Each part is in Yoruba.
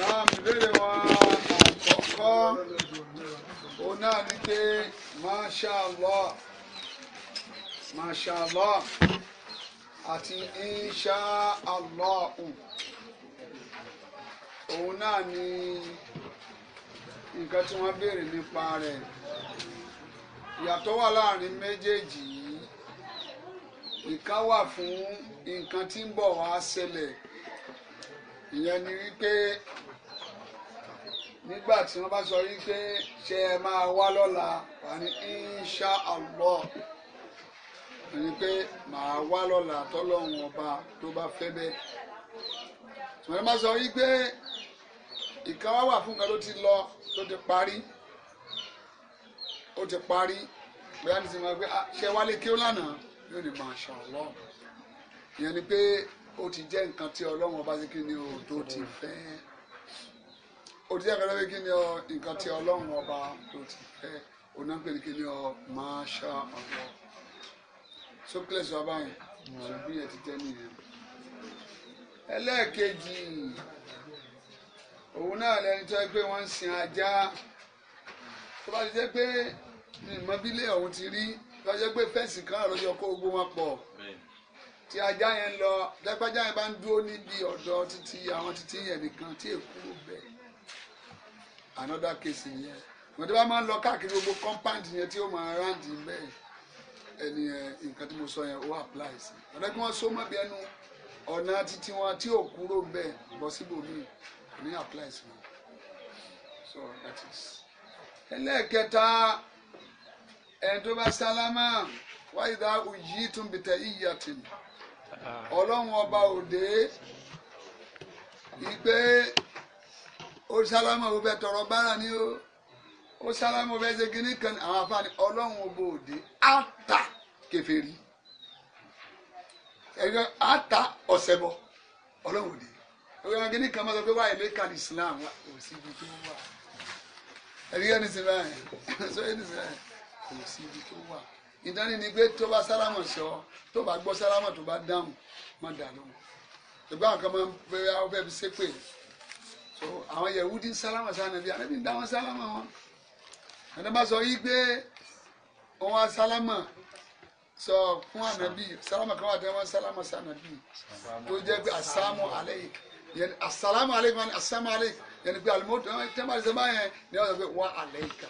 náà ìbéèrè wọn àkọ́kọ́ òun náà ní pé masha allah àti insha allah òun náà ní nǹkan tí wọ́n béèrè nípa rẹ̀ ìyàtọ̀ wà láàrin méjèèjì yìí ìkan wà fún nǹkan tí ń bọ̀ wá ṣẹlẹ̀ ìyẹn ni wípé nígbà tí wọ́n bá sọ yí pé ṣe ẹ máa wá lọ́la wà ní insha allah ẹni pé màá wá lọ́la tọ́lọ́run ọba tó bá fẹ́ bẹ́ẹ̀. wọ́n máa sọ yí pé ìkan wá wà fún nǹkan tó ti lọ tó ti parí ó ti parí bóyá ní ti máa gbé ṣe wálé kí ó lánàá yóò ní masha allah ìyẹn ni pé ó ti jẹ́ nǹkan tí ọlọ́run ọba sí kí ni o tó ti fẹ́ òtítọ́ ìfẹ́ lọ́wọ́ kí ni ọ nǹkan tí ọlọ́run ọba tó ti fẹ́ onápẹ̀lẹ̀ kí ni ọ máa ṣá ọ̀dọ́ sókèlèsì ọba yẹn ṣùgbọ́n yẹn ti tẹ́ nìyẹn. ẹlẹ́ẹ̀kejì òun náà lẹni tó yẹ pé wọ́n ń sin ajá tó bá ti jẹ́ pé ìmọ̀bílẹ̀ ọ̀hún ti rí lọ́jọ́ pé fẹ́ǹsì kan àròjọ kó gbó wọn pọ̀ tí ajá yẹn lọ lẹ́gbẹ́já yẹn bá ń dúró níbi ọ̀dọ̀ títí àwọn títí yẹn nìkan tí èkúrò bẹ́ẹ̀ another case nìyẹn wọ́n ti bá máa ń lọ káàkiri gbogbo compound yẹn tí ó máa round bẹ́ẹ̀ ẹni nǹkan tí mo sọ yẹn ó apply sí ọ̀dọ́ kí wọ́n so mọ́ bí ẹnu ọ̀nà títí wọn tí ò kúrò bẹ́ẹ̀ bọ́ síbò míì kò ní apply sí wọn so that is. ẹlẹ́ẹ̀kẹta ẹni tó bá sálámà wáyé dá òyì tún bìtẹ̀ ìyá tìǹ ọlọ́run ọba òde ìgbé ó sálámà ó fẹ́ tọrọ bára ni ó ó sálámà ó fẹ́ ṣe kínní kan àwọn afáàní ọlọ́run ọba òde ata kèfèrí ẹgbẹ́ ata ọ̀sẹ̀bọ ọlọ́run òde ọgbẹ́ wọn kínní kan máa sọ pé wáyé lè kàn Islam wá kò sí ibi tó wà ẹ̀rí ẹni sì báyìí sọ ẹni sì báyìí kò sí ibi tó wà ìdání ni pé tó bá sálámà sọ tó bá gbọ́ sálámà tó bá dáhùn má dà lóhùn ṣùgbọ́n àwọn kan máa ń fẹ́ fẹ́ fi ṣépè so àwọn yẹwudi sálámà sí ànábì ànábì ń dá wọn sálámà wọn ànábà sọ yí pé wọn wá sálámà sọ fún ànábì sálámà kan wà tẹ wọn sálámà sí ànábì tó jẹ pé asámù aleyk yẹn asálámù aleyk wọn asámù aleyk yẹn pé alimoto tẹ́lẹ̀ bá ti sẹ́ báyẹn ni wọ́n sọ pé wọ́n aleyka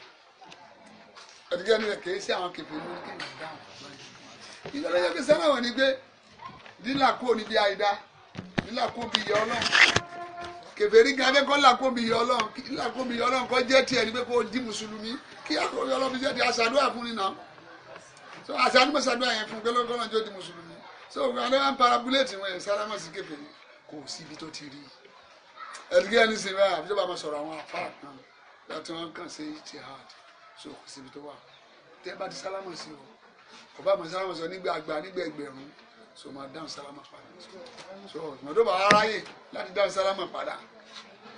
ẹ̀dùkẹ́ ni kì í sí àwọn kẹfẹ́ ní kí n dáhùn. ìjọba yẹn fi sẹ́nà wọ̀ ni pé lílà kúrò níbi àìdá lílà kúrò bí ìyá ọlọ́run kèfèrí gan fẹ́ kọ́ làkóbi yọ ọlọ́run kí làkóbi yọ ọlọ́run kọ́ jẹ́ tiẹ̀ ní pé kó di mùsùlùmí kí àkóbi ọlọ́run fi jẹ́ tiẹ̀ àṣàdúrà fún nìyàn so àṣàdúrà mọ̀ ṣàdúrà yẹn fún pẹ́lú ọlọ́run jó di mùsùlùmí so àwọn ẹ̀rọ parabulẹ́ẹ̀tì wọn yẹn sálámà sí kèfèrí kò síbi tó ti rí ẹ̀dùkẹ́ ẹni sì rẹ̀ àbíjọba máa sọ̀rọ̀ àwọn afá kan láti wọn kàn sí jihad so kò síbi tó wà tẹ́ bá ti sálámà sí o ọba àmọ̀ so máa dáhùn sálámà padà so mọ̀tò bá aráyè láti dáhùn sálámà padà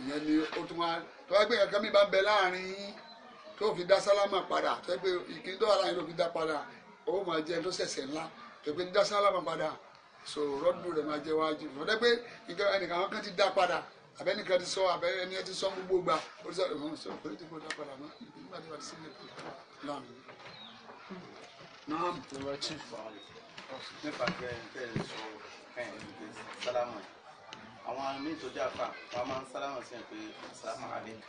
ìyẹn ni ó tún wá tó wá gbé kankan mi bá ń bẹ láàrin yín tó fi dá sálámà padà tó gbé ìkíni tó wà láàrin tó fi dá padà ó máa jẹ tó ṣẹ̀ṣẹ̀ ńlá tó gbé dá sálámà padà so rọ́dùn rẹ̀ máa jẹ wájú lọ́dẹ́ pé ẹnìkan kan ti dá padà àbẹ́ nìkan ti sọ àbẹ́ ẹni ẹ ti sọ gbogbo gbà ó ti sọ ìwọ̀n sọ pé tí kò dá padà mọ́ nígbà tí wàá ti sílẹ̀ kù láàmú. Naam. Tí wọ́n ti fà nípa tẹ́ ẹ sọ ẹ̀yìn sálámù àwọn míì tó já fà wọn máa ń sálámù sí ẹ pé sálámù alek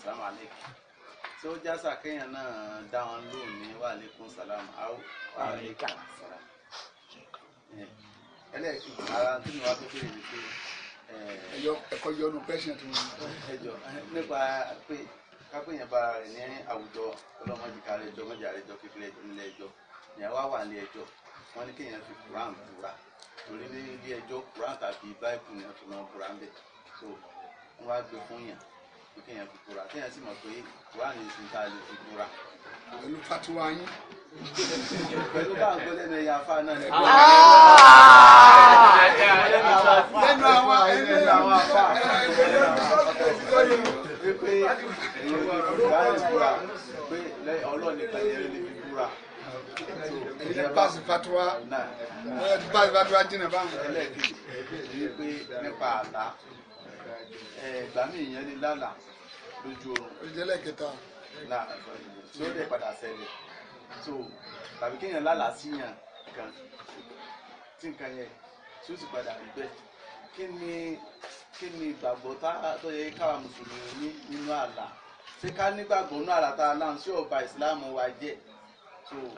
sálámù alek tí ó já sà kéèyàn náà dá wọn lóhùn ní wa alaikum sálámù áwò wa alaikum sálámù ẹlẹ́ẹ̀kì ara tí mo wá tó béèrè ni pé ẹ̀kọ́ yọnu pẹ́ṣẹ̀ tó ń bọ̀. ẹjọ nípa pé kápẹ́yìn bá rẹ̀ ní àwùjọ ọlọ́mọdé kárẹ́jọ wà ní ẹjọ́ wọ́n ní kéèyàn fi quran búra torí ní ilé ẹjọ́ quran tàbí bible ni wọ́n fi máa búra ń bẹ̀ so wọ́n wá gbé fún yàn pé kéèyàn fi búra kéèyàn sì mọ̀ pé quran ní sin tá a lè fi búra. pẹ̀lú fatiwa yín. pẹ̀lú bá àgbọ̀ lẹ́nu ẹ̀yà afá náà ni. Ah! lẹ́nu àwọn lẹ́nu àwọn afá. pé ìwé ìwé ìwé ìbúra pé ọlọ́ọ̀nì kan yẹn lè fi búra èyí lè pass fatuwa ẹ ti pass fatuwa jìnnà báwọn. ẹlẹ́ẹ̀kejì ni pé nípa àlá ẹ̀gbá mi ìyẹn ni lálà lójú oorun. ìjẹ́lẹ̀ kẹta. lálà ló de padà ṣẹlẹ̀ so tàbí kéèyàn lálà síyàn kan tí nǹkan yẹn tí ó sì padà rí bẹ́ẹ̀ kí ni kí ni ìgbàgbọ́ tó yẹ káwa mùsùlùmí nínú àlá ṣé ká nígbàgbọ́ nínú àlá tá a láǹṣẹ́ ọba ìsìláàmù wa jẹ́ so mo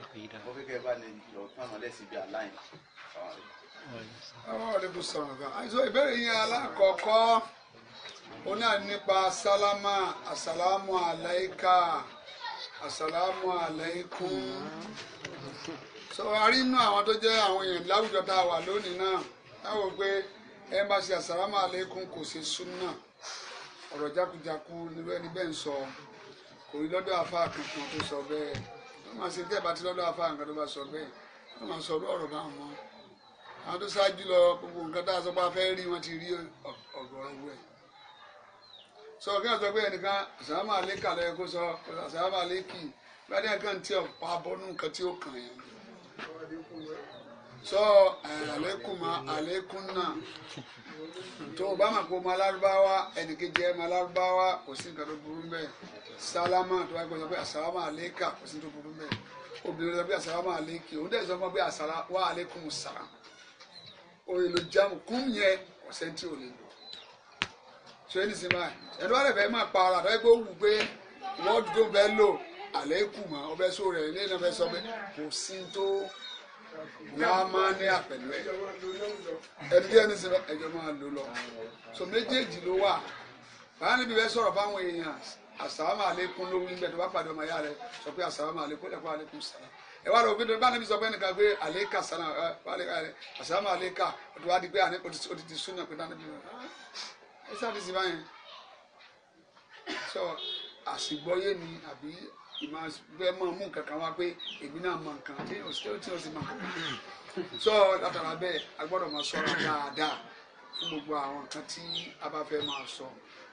fẹ́ kẹ́ bá ní lọ fún àwọn ẹlẹ́sìn bíi àwọn sọ̀rọ̀ gan àìsàn ìbéèrè alákọ̀ọ́kọ́ ó náà nípa sálámà àsàlámù àsàlámù sọ inú àwọn tó a wà lónìí náà pé àsàlámù kò ṣe ọ̀rọ̀ bẹ́ẹ̀ máa ṣe tẹ́ ẹ̀ bá ti lọ́dọ̀ afá nǹkan tó bá sọ bẹ́ẹ̀ wọ́n máa sọ ọ̀rọ̀ bá wọn mọ́ àwọn tó ṣáájú lọ gbogbo nǹkan tá a sọ pé a fẹ́ rí wọn ti rí ọ̀gọ̀rọ̀ wẹ̀ sọ kí wọ́n sọ pé ẹnìkan àṣàmà lẹ́kà lọ́yẹ kó sọ àṣàmà lẹ́kì gbadé kan tí ọ̀ pa bọ́nú nǹkan tí ó kàn yẹn sọ àlékùnmá àlékùnà tó o bá mà kó ma lárúbáwá ẹnìkejì ẹ ma lárúbáwá kò sí nǹkan tó burú bẹ́ẹ̀ sálámà tó wáyé kó sọ pé àsálámà àlékà kò sí tó burú bẹ́ẹ̀ obìnrin sọ pé àsálámà àlékè òun dẹ̀ sọ fún ọ pé àsálá wà àlékún sàrà òye ló jáàmù kún yẹn ọ̀sẹ̀ tí ò lè lò so ẹni sì máa ẹni wàá rẹ̀ fẹ́ máa pa ara rẹ̀ pé ó wù pé wọ́ọ̀dù tó fẹ́ lò àlékún mọ́ ọbẹ̀ sọ rẹ̀ ilé náà fẹ́ sọ pé kò sí tó lámánìá pẹ̀lú ẹ̀ ẹni tí ẹni sì máa máa lò lọ so méjèèjì ló wà báyìí níbi fẹ́ sọ̀rọ̀ fáwọn èèyàn asalaamu aleykum ló wí gbẹdọ bá pàdé ọmọ ya rẹ sọ pé asalaamu aleykum lẹkọ aleykum sara ẹ wá lọ gbẹdọ bá níbi sọ pé ẹnìkan pé aleka sara ẹ wàleka rẹ asalaamu aleka ọtí wàá di pé àní odidi sunna pé dáná bí wọn ẹ sáà ti sì báyìí sọ àsìgbọ́yé ni àbí ìmọ̀ bẹ́ẹ̀ mọ̀ mú nǹkan kan wá pé èmi náà mọ̀ nǹkan tí o sì tí o sì mọ̀ nǹkan sọ látara bẹ́ẹ̀ a gbọ́dọ̀ máa sọ dáadáa fún gbogbo àwọn nǹkan tí a bá fẹ́ máa sọ. So,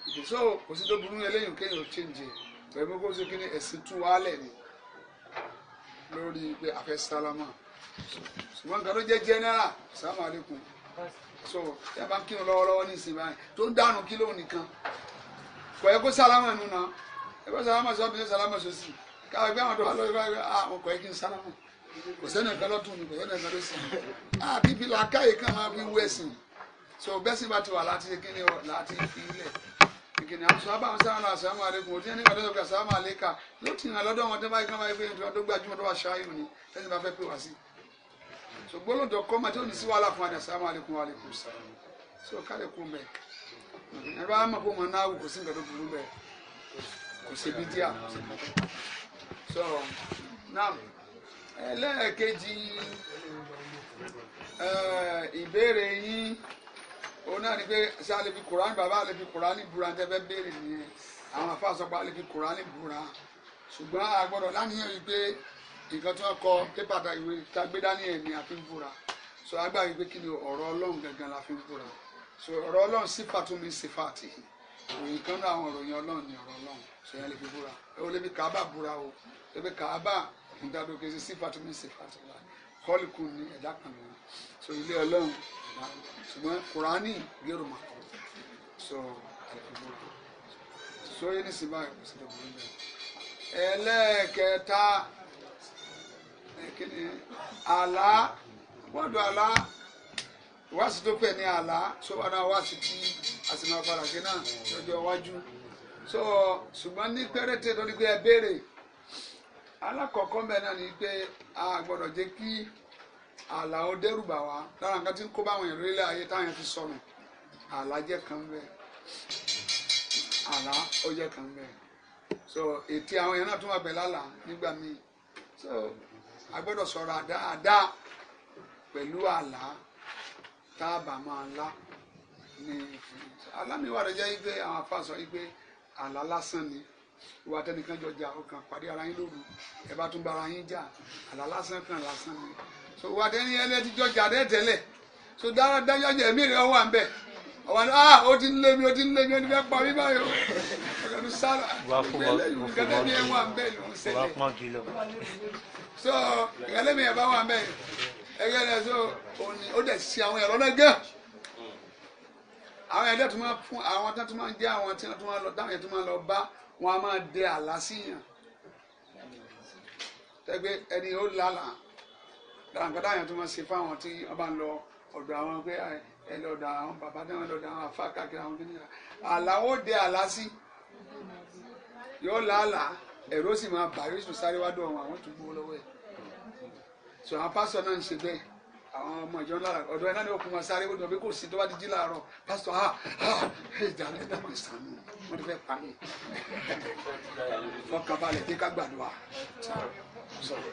ìdòsó kò sí tó burú eléyìí kéèyàn change pẹ̀lú pé kó ṣe kí ni ẹ̀sìn tú wálẹ̀ ni lórí pé afẹ́ sálámà ṣùgbọ́n nǹkan tó jẹ́ general sàmà àlékún so yà bá ń kírun lọ́wọ́lọ́wọ́ ní ìsìn báyìí tó ń dànù kí lóun nìkan kò yẹ kó sálámà nù náà ẹ bá sálámà sọ bí sálámà sọ sí káwọn ẹgbẹ́ àwọn tó wà lọ́wọ́ bá yẹ ah wọn kò yẹ kí n sálámà kò sẹ́nu ẹ̀ka lọ́tún ni kò sẹ́nu ẹ̀ka ló ah bíbí làákàyè kan máa fi wú ẹ̀sìn so bẹ́sìn bá ti wà láti kí ni láti fi ilẹ̀ ìkìnnì àwọn sọ abáwọn sáwọn lọ àsàmù àlékún òtí ẹni gbàdúrà gbà sàmù àlékà ló ti ràn lọ́dọ̀ wọn tó báyìí káwọn ẹgbẹ́ ìtura tó gbajúmọ̀ tó wà ṣááyù ni ẹni bá fẹ́ pè wá sí. so gbólóńtò kọ́ máa tó ní sí wàhálà fún adà sàmù àlékún àlékún sàmù so kálẹ̀ kú mẹ́ ẹ bá mọ̀ pé wọn náà wù kò sí nǹkan tó burú bẹ́ẹ̀ kò sí bí díà so now ẹlẹ́ẹ̀kejì ìbéèrè yín òun náà ni pé ṣé a lè fi kùránì bàbá a lè fi kùránì búra tẹ́ fẹ́ béèrè nìyẹn àwọn afá sọ pé a lè fi kùránì búra ṣùgbọ́n a gbọ́dọ̀ láníyàn yìí pé nǹkan tí wọ́n kọ pépà ìwé ta gbé dání ẹ̀ ni a fi ń búra so agbá yìí pé kí ni ọ̀rọ̀ ọlọ́run gangan la fi ń búra so ọ̀rọ̀ ọlọ́run sífà tún mi sífà tì òyìn kan náà àwọn òròyìn ọlọ́run ni ọ̀rọ̀ ọlọ́run so yẹn lè fi búra ó lè fi kàábà búra o lè fi kàábà ìdádókè sí sífà tún mi sífà tì í kọ́líkù ní ẹ̀dá kan lòun so ilé ọlọ́run ẹ̀dá ṣùgbọ́n kùránì lérò máa kọ́ so àìfimọ́tò so yé ní sinmi báyìí kò sí lọ́wọ́ níbẹ̀. ẹlẹ́ẹ̀kẹta àlá wọ́dọ̀ àlá wáṣí tó pẹ̀ ní àlá so wọn náà wáṣí tí a sì máa padà sí náà lọ́jọ́ iwájú so ṣùgbọ́n ní pẹ́rẹ́tẹ̀ tó pé ẹ béèrè alákọ̀ọ́kọ́ mẹ́rin náà ni pé a gbọ́dọ̀ jẹ́ kí àlà ó dẹ́rù bà wá lára nǹkan tí ń kó báwọn èrò ilé ayé táwọn fi sọnù àlà jẹ́ kan bẹ́ẹ̀ àlà ó jẹ́ kan bẹ́ẹ̀ so ètí àwọn yẹn náà tún wà bẹ̀ lálà nígbà míì so a gbọ́dọ̀ sọ̀rọ̀ àdá pẹ̀lú àlà tá a bá máa lá ní alámiwá rẹ̀ jẹ́ ipe àwọn afa sọ ipe àlà lásán ni wà tẹnìkan jọ jà ọkàn pàdé ara yín lóru ẹ bá tún bá ara yín jà àlà lásán kan lásán ni so wà tẹ́ni ẹni ẹ ti jọ jà dẹ́ tẹ́lẹ̀ so dáradájọ́ jẹ́ mí rẹ̀ ọ wà ń bẹ̀ ọ̀wà ni ah o ti ń lé mi o ti ń lé mi o ti fẹ́ pa mí báyìí o ọ̀gẹ̀dù sára ìgbẹ́lẹ̀ yìí nǹkan tẹ́ni ẹ wà ń bẹ̀ ló ń ṣẹlẹ̀ so ìgbẹ́lẹ̀ mi ẹ̀ bá wà ń bẹ̀ ẹgbẹ́ rẹ̀ so ó dẹ̀ si àwọn ẹ̀rọ náà gẹ́ àwọn ẹ̀dẹ́ tó máa fún àwọn tó máa jẹ́ àwọn tí wọ́n máa lọ dáhùn yẹn tó máa lọ bá wọn a máa dẹ àlá síyàn tẹ́gbẹ́ ẹni ó lálàá gbàǹgbàdà yẹn tó máa ṣe fáwọn tí wọ́n bá ń lọ ọ̀dọ̀ àwọn pé ẹ lọ́dọ̀ àwọn bàbá náà lọ́dọ̀ àwọn àfa káàkiri àwọn kìnìyà àlàó de àlá sí yóò làálà ẹ̀rọ sì máa bà yóò sì sáré wá dùn àwọn tó gbówó lọ́wọ́ ẹ̀ sọ àwọn pásítọ̀ náà ń ṣe bẹ́ẹ̀ àwọn ọmọ ìjọ lára ọ̀dọ̀ ẹ̀ náà ni òkun wọn sáré wọ́n dùn pé kò sí tó bá ti jí láàárọ̀ pásítọ̀ ha ha ìjà lẹ́dà máa sànù wọ́n ti fẹ́ pa mí fọkànbalẹ̀ kí ká gbàdúrà sorry.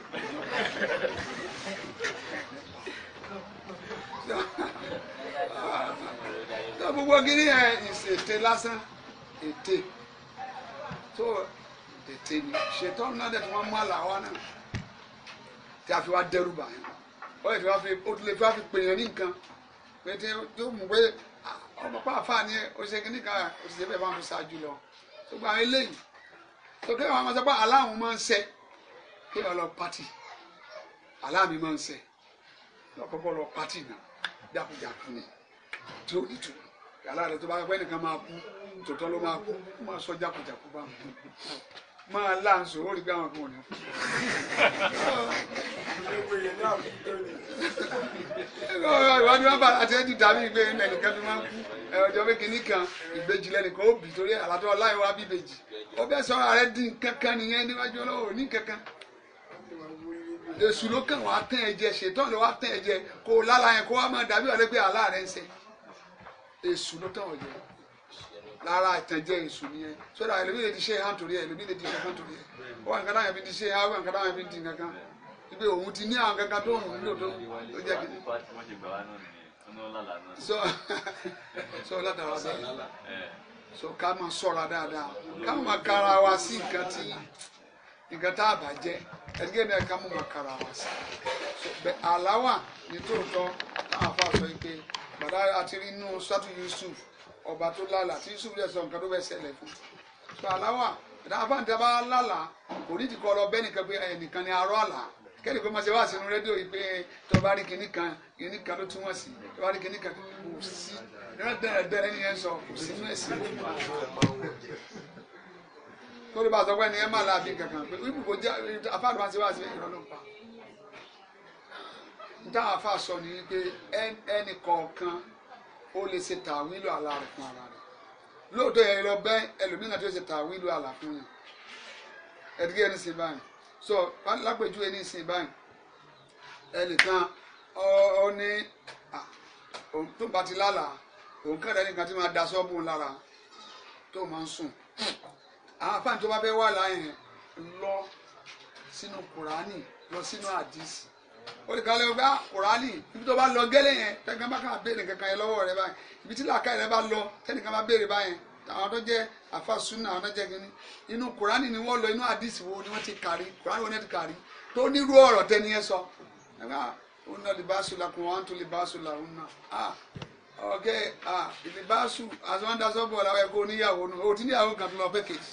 tó gbogbo gíní yẹn ètè lásán ètè tó ètè ni ṣètò náà de tí wọ́n mú àlàáwá náà tí a fi wá dẹ́rù bà yẹn ó lè fi wá fi ó lè fi wá fi pè yẹn ní nǹkan pé tí tó mú pé ọmọ pàápàá ni ó ṣe kíní kan ó sì ṣe bẹ́ẹ̀ bá ń fi ṣáájú lọ tó gba àwọn eléyìí tó kéwàá máa sọ pé aláwọn máa ń ṣe kéèyàn lọ pati aláàmì máa ń sẹ lọkọkọ lọ pati náà jákujáku ni tó ìtù aláàrẹ tó bá pẹ́ nìkan máa kú tòótọ́ ló máa kú ó máa sọ jákujáku bá wọn máa láǹṣó ó rí bí àwọn kan ò ní fún ìwádìí wọn bá àti ẹni dàbí ìgbé ẹnìkan fi máa ń kú ọjọ́ méje nìkan ìbejì lẹ́nìkan ó bì torí àlàtọ́ láì wá bíbejì ó bẹ́ẹ̀ sọ ààrẹ dín kankan nìyẹn níwájú ọlọ́wọ́ ní kankan èṣù ló kàn wá tán ẹ jẹ ṣètọ́n ló wá tán ẹ jẹ kó o lára yẹn kó wá máa dàbí ọ̀rẹ́ pé àlá rẹ ń ṣe èṣù ló tàn ọ̀ jẹ lára ìtànjẹ èṣù nìyẹn sódà ẹlòmíì lè di ṣe hàn torí ẹ ẹlòmíì lè di kankan torí ẹ ó wà nǹkan táwọn ẹbí di ṣe hàn ó wà nǹkan táwọn ẹbí di kankan ibi òun ti ní àwọn kankan tó ń lò tó ó jẹ kí. so so látara bẹ́ẹ̀ so ká máa ṣọ́ra dáadáa ká máa kára wa sí nǹkan tí nǹkan tá a bàjẹ́ ẹdíkẹ́ ni ẹ̀ka mú makara wá sí alawa àláwà ní tòótọ́ táwọn afa sọ pé bàdá àti rí inú sátú Yusuf ọba tó lálà tí Yusuf yẹ sọ nǹkan tó bẹ ṣẹlẹ̀ fún sọ àláwà bàdá àbáǹtẹ bá lálà kò ní ti kọ lọ bẹ́ẹ̀ nìkan pé ẹnìkan ni arọ́ àlà kẹ́lẹ́ pé máṣe wá sínú rédíò yìí pé tó rí kinní kan kinní kan ló túmọ̀ sí tó rí kinní kan kò sí dẹ́rẹ́dẹ́rẹ́ nìyẹn sọ kò sí nú ẹ̀sìn torí bá a sọ pé ẹni ẹ má láàbí kankan pé ibùkún jẹ afáàdùn máa ń ṣe wá sí ìrọlọ́pàá dáhùn afa sọ ni pé ẹnì kọ̀ọ̀kan ó lè ṣe tàwílù àlá rẹ̀ fún ara rẹ̀ lóòótọ́ yẹn lọ bẹ́ ẹlòmíràn tó ṣe tàwílù àlá fún yẹn ẹ̀dígẹ́ ẹni sìn báyìí so lápẹ̀jú ẹni sìn báyìí ẹnìkan ọ ní òun tó bá ti lálàá òun kẹ́rẹ́ nìkan tí máa da sọ́ọ̀bù lára tó máa ń sùn àáfàá tó bá fẹ́ wà láyìn lọ sínú kùránì lọ sínú àdìsí ó lè kalẹ̀ ọgbà kùránì ibi tó bá lọ gẹ́lẹ́ yẹn tẹ́nìkan bá kàn béèrè kankan yẹn lọ́wọ́ rẹ báyìí ibi tí làákà rẹ bá lọ tẹ́nìkan bá béèrè báyìí àwọn tó jẹ́ àfa sunna àwọn tó jẹ́ kínní inú kùránì ni wọ́n lọ inú àdìsí wo ni wọ́n ti kárí kùránì wo ni wọ́n ti kárí tó nírú ọ̀rọ̀ tẹ́ni yẹn sọ ẹ̀ka ó ná libaṣu lakum wa antum libaṣu lahunna ah, ọkẹ ah, oh, a ìdìbàṣù asọ́ndasọ́bọ̀ làwọn ẹ̀kọ́ oníyàwó nù o ti níyàwó kan tó lọ fẹ́ kejì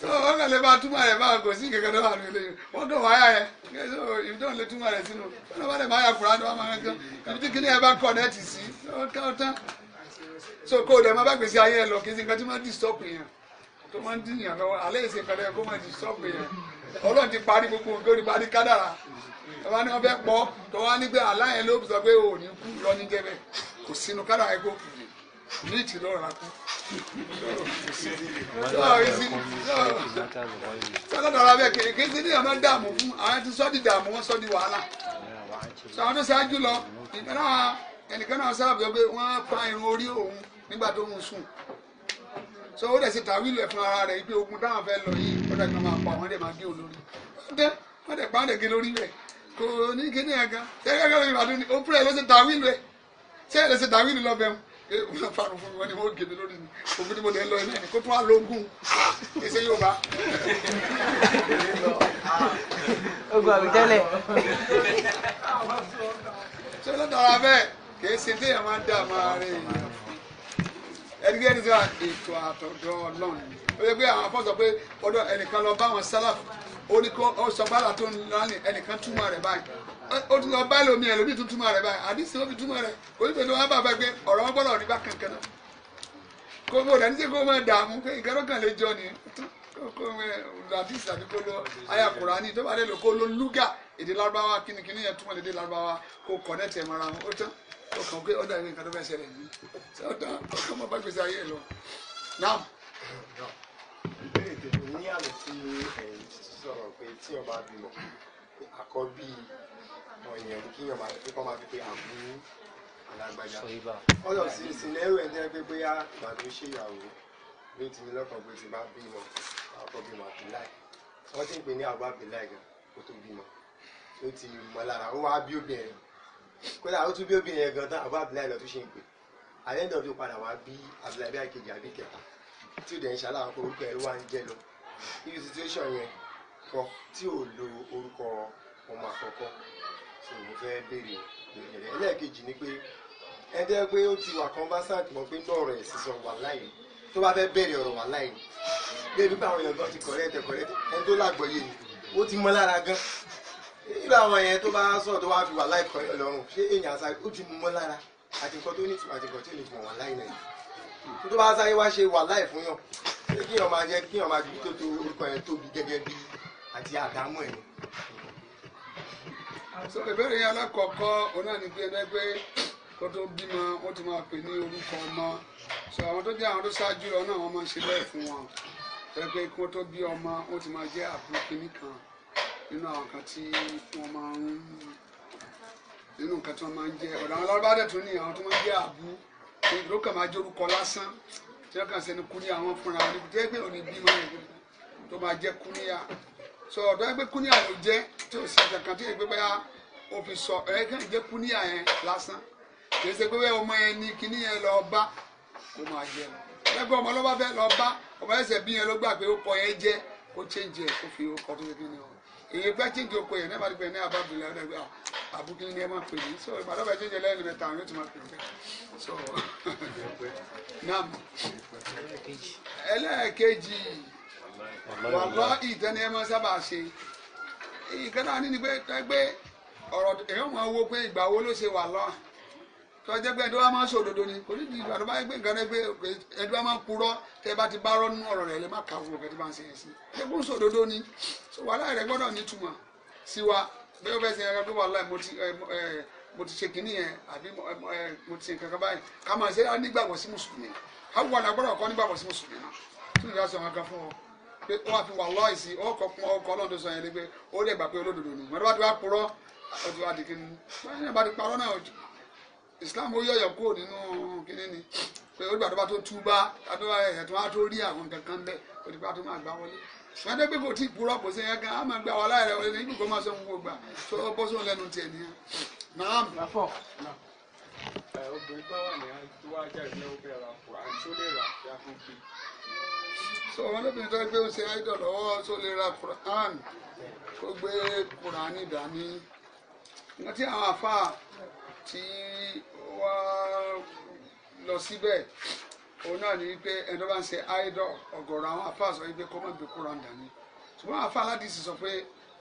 so wọn kàn lè bá túmọ̀ rẹ̀ báwọn kò sí kẹ̀kẹ́ lọ́wọ́ àná eléyìí wọ́n dùn wáyà yẹ so ìbí tó ń lè túmọ̀ rẹ̀ sínú wọn lọ́wọ́ lè máa yà kúrò àdó wọn máa ń kẹ́ ibi tí kìnìyàn bá kọ̀ nẹ́ẹ̀tì sí ọ̀tán so kó o dẹ̀ máa bá gbèsè ayé ẹ lọ kí n sì nǹkan tí wọ́n dì yẹn tó máa ń dìyàn lọ́wọ́ alẹ́ ìṣe kan lẹ́yìn kó máa ti sọ́ọ̀bù yẹn ọlọ́run ti parí gbogbo nǹkan ní parí kádàrà ẹ wá ní wọn fẹ́ pọ́ tó wá ní pé aláyẹn ló sọ pé òní kú lọ ní jẹ́bẹ̀ kò sínú kádàrà ẹgbẹ́ òkú ní ìtì lọ́rọ̀ la kú. sọ́kàtàrà bẹ́ẹ̀ kéèké sí ní ọ̀nà dààmú fún àwọn ti sọ́ di dààmú wọn sọ́ di wàhálà sọ àwọn tó ṣáájú lọ ẹnìkan náà sábà pé wọ́n pa irun orí òun nígbà tó ń sùn so ó dẹ̀ ṣe tàwílù ẹ̀ fún ara rẹ̀ ibi ogun táwọn fẹ́ lọ yìí ó dẹ̀ kàn máa pa wọ́n dẹ̀ máa gé olórí ọdẹ wọ́n dẹ̀ gbọ́n dẹ̀gẹ́ lórí rẹ̀ kò ní kíní ẹ̀ga ṣẹ́yìn kẹ́kẹ́ lórí ìbàdàn ni ó pẹ́rẹ́ ló ṣe tàwílù ẹ̀ ṣẹ́yìn ló ṣe tàwílù lọ bẹ́ẹ̀ wọn fanu fún mi wọn ni wọn gèdè lórí mi òfin tí mo lè lọ iná ẹni kó tún alógún ẹsẹ yóò bá. ogun àbíjẹ́lẹ̀. ṣé ló dára bẹ́ẹ̀ kì í ṣe déyàwó á dá àmọ́ ara rẹ̀ yìí ẹgbẹ́ ẹni sọ ètò àtọ̀dọ̀ ọlọ́run ó yẹ pé àwọn afọ́ sọ pé ọ̀dọ̀ ẹnìkan lọ bá wọn sálàfù ó ní kó ó sọ bàlá tó ń lánìí ẹnìkan túmọ̀ rẹ̀ báyìí ó tún lọ bá lómi ẹ̀ lómi tún túmọ̀ rẹ̀ báyìí àdìsí ló túmọ̀ rẹ̀ kò ní pẹ̀lú wọn bá bá gbé ọ̀rọ̀ wọn gbọ́dọ̀ nígbà kankan náà kó mo dà ní kó mo dààmú pé ìgbẹ́rọ̀kàn lè jọ ni kó mo àdìsí àbí kó lọ ayàkùrá ni tó bá dé lò kó lọ lúgà èdè lárúbáwá kínníkínní yẹn túmọ̀ lédè lárúbáwá kó kọ̀nẹ́tì ẹ̀ mọ́ra wọn o pé ọ̀dà ìwé nǹkan tó fẹ́ ṣẹlẹ̀ ní ṣé ọ̀dà ọkàn máa bá gbèsè ayé ẹ lọ. nam. ìbéèrè tèmi ní àlè tí ẹ̀yìn sọ̀rọ̀ pé tí ọba bímọ àkọ́bí ọ̀yàn kíyàn máa fi kọ́ máa fi pé àbúrú alágbájá ọ̀yọ̀ sì sì lẹ́rù ẹ̀ jẹ́ pé bóyá ìgbà tó ṣèyàwó ló ti ní lọ́kàn pé ti bá bímọ àkọ́bí máa fi láì wọ́n ti ń pè ní àbá fi láì gan kó tó bímọ ó ti mọ lára ó wá bí obìnrin kódà ó tún bí obìnrin yẹn gan tán àbọ̀ abdullahi lọ tún ṣe ń pè àlẹ́ náà ló padà wá bí abdullahi bí àkejì àbí kẹta tí ó dẹ̀ ń ṣàlàyé orúkọ ẹ̀ wá ń jẹ́ lọ irú situation yẹn kan tí ò lo orúkọ ọmọ àkọ́kọ́ tí mo fẹ́ béèrè béèrè ẹlẹ́ẹ̀kejì ni pé ẹni pé ó ti wà conversant mọ́ pé náà ọ̀rọ̀ sísọ wà láì tó bá fẹ́ bẹ̀rẹ̀ ọ̀rọ̀ wà láì débi pé àwọn èèyàn gan ti correct correct ẹni tó lágbọ̀ọ́yé ó ti mọ́ lára gan irú àwọn yẹn tó bá sọ tó wá fi wà láìkọ Ọlọ́run ṣé èèyàn àṣà ó ti mọ lára àti nǹkan tó ní ìtumọ̀ àti nǹkan tí ò ní ìtumọ̀ wà láì náà tó bá sáré wá ṣe wà láì fún yàn ṣé kíyàn máa jẹ kíyàn máa dùn tó tó orúkọ yẹn tóbi gẹ́gẹ́ bí àti àdámọ̀ ẹ̀. àṣọ ìbéèrè yẹn alákọ̀ọ́kọ́ òun náà ní pé ẹgbẹ́ kó tó bímọ wọ́n ti máa pè ní orúkọ ọmọ sọ àwọn tó jẹ́ àwọn tó ṣáájú lọ náà wọ́n máa ń ṣe bẹ́ẹ̀ fún wọn ẹgbẹ́ kó tó bí ọmọ wọ́n ti máa jẹ́ àbúrò kìnnìkan nínú àwọn kan tí wọ́n máa ń nínú nǹkan tí wọ́n máa ń jẹ ọ̀dọ̀ àwọn lárúbá dẹ̀ tún ní àwọn tó máa ń jẹ àbú ló kàn máa jórúkọ lásán tí wọ́n kàn sẹ́ni kúníyà wọn fúnra wọn níbi tí ẹgbẹ́ òní bí máa yẹ tó máa jẹ kúníyà sọ ọ̀dọ̀ ẹgbẹ́ kúníyà ló jẹ́ tí ò sí ẹ̀jẹ̀ kan tí ẹgbẹ́ bá ó fi sọ ẹgbẹ́ ìjẹ́ kúníyà yẹn lásán kì í ṣe pé ọmọ yẹn ni kíní yẹn lọ bá kó máa jẹ ẹgbẹ́ ọmọ lọ́ba fẹ́ lọ bá ọmọ ẹsẹ̀ bí yẹn ló gbà pé ó kọ yẹn jẹ kó change ẹ̀ kó fi ó kọ tó ṣe kí ni ọ èyí bẹ́ẹ̀ tí n kì í pe yẹn nígbà tí ní abábìlẹ̀ ọ̀dọ̀ gbé àbúkí ní ẹ máa pè yìí so ìbàdàn bẹ́ẹ̀ tí n jẹ lẹ́yìn mẹ́ta àwọn yóò ti máa pè bẹ́ẹ̀ so nam ẹlẹ́ẹ̀kejì wàlọ́ ìtẹ́ni ẹ máa sábà ṣe ìkẹ́ta ní ni pé ọ̀rọ̀ èèyàn máa wo pé ìgbà wo ló ṣe wàlọ́ tọ́ jẹ́ pé ẹni tó bá máa ń sòdodo ni kò ní di ìgbà tó bá yẹ pé nǹkan rẹ pé ẹni tó bá máa ń purọ́ tẹ́ bá ti bá rọ́nú ọ̀rọ̀ rẹ̀ lè má kà fún ọ̀gá bá ń ṣe yẹn sí. ṣé kó sòdodo ni so wàhálà rẹ gbọ́dọ̀ nítumọ̀ sí wa bẹ́ẹ̀ bẹ́ẹ̀ sẹ́yìn kankan tó wà láì mo ti ṣe kínní yẹn àbí mo ti ṣe kankan báyìí ká máa ṣe nígbàgbọ́ sí mùsùlùmí àwọn àgbọ̀dọ̀ kọ́ nígbàgbọ́ sí mùsùlùmí náà tún ìdá sọ kankan fún ọ pé ó wà fi wà lọ́ọ̀ ìsìn ọkọ̀ náà Islam ó yọ̀yọ̀ kúrò nínú kínní ni pé ó gbàdúrà tó túbá àdúrà ẹ̀yẹ̀ tó wá tó rí àwọn kankan bẹ́ẹ̀ ó ti gbà tó máa gbá wọlé wọ́n dẹ́ pé kò tí ì purọ́ kò sí ẹ̀yà kan á máa gbà wọ́n láyẹ̀rẹ̀ wọlé ní ibùkún máa sọ gbogbo gbà tó bọ́ sóun lẹ́nu tiẹ̀ nìyẹn. Naam. Nàfọ̀. Obìnrin bá wà ní iwájú ìlú ọbẹ̀ ra kò à ń tó lè rà yá fún bí. Sọ wọn lóbìnrin tó gbé oṣù Áìdọ̀ lọ́wọ́ tó lè ra àwọn àfáà tí wá lọ síbẹ̀ òun náà ní wípé ẹni tó bá ń ṣe idol ọ̀gọ̀rọ̀ àwọn afa sọ wípé kọ́ máa ń bẹ Kùránì dání ṣùgbọ́n afa aládìsí sọ pé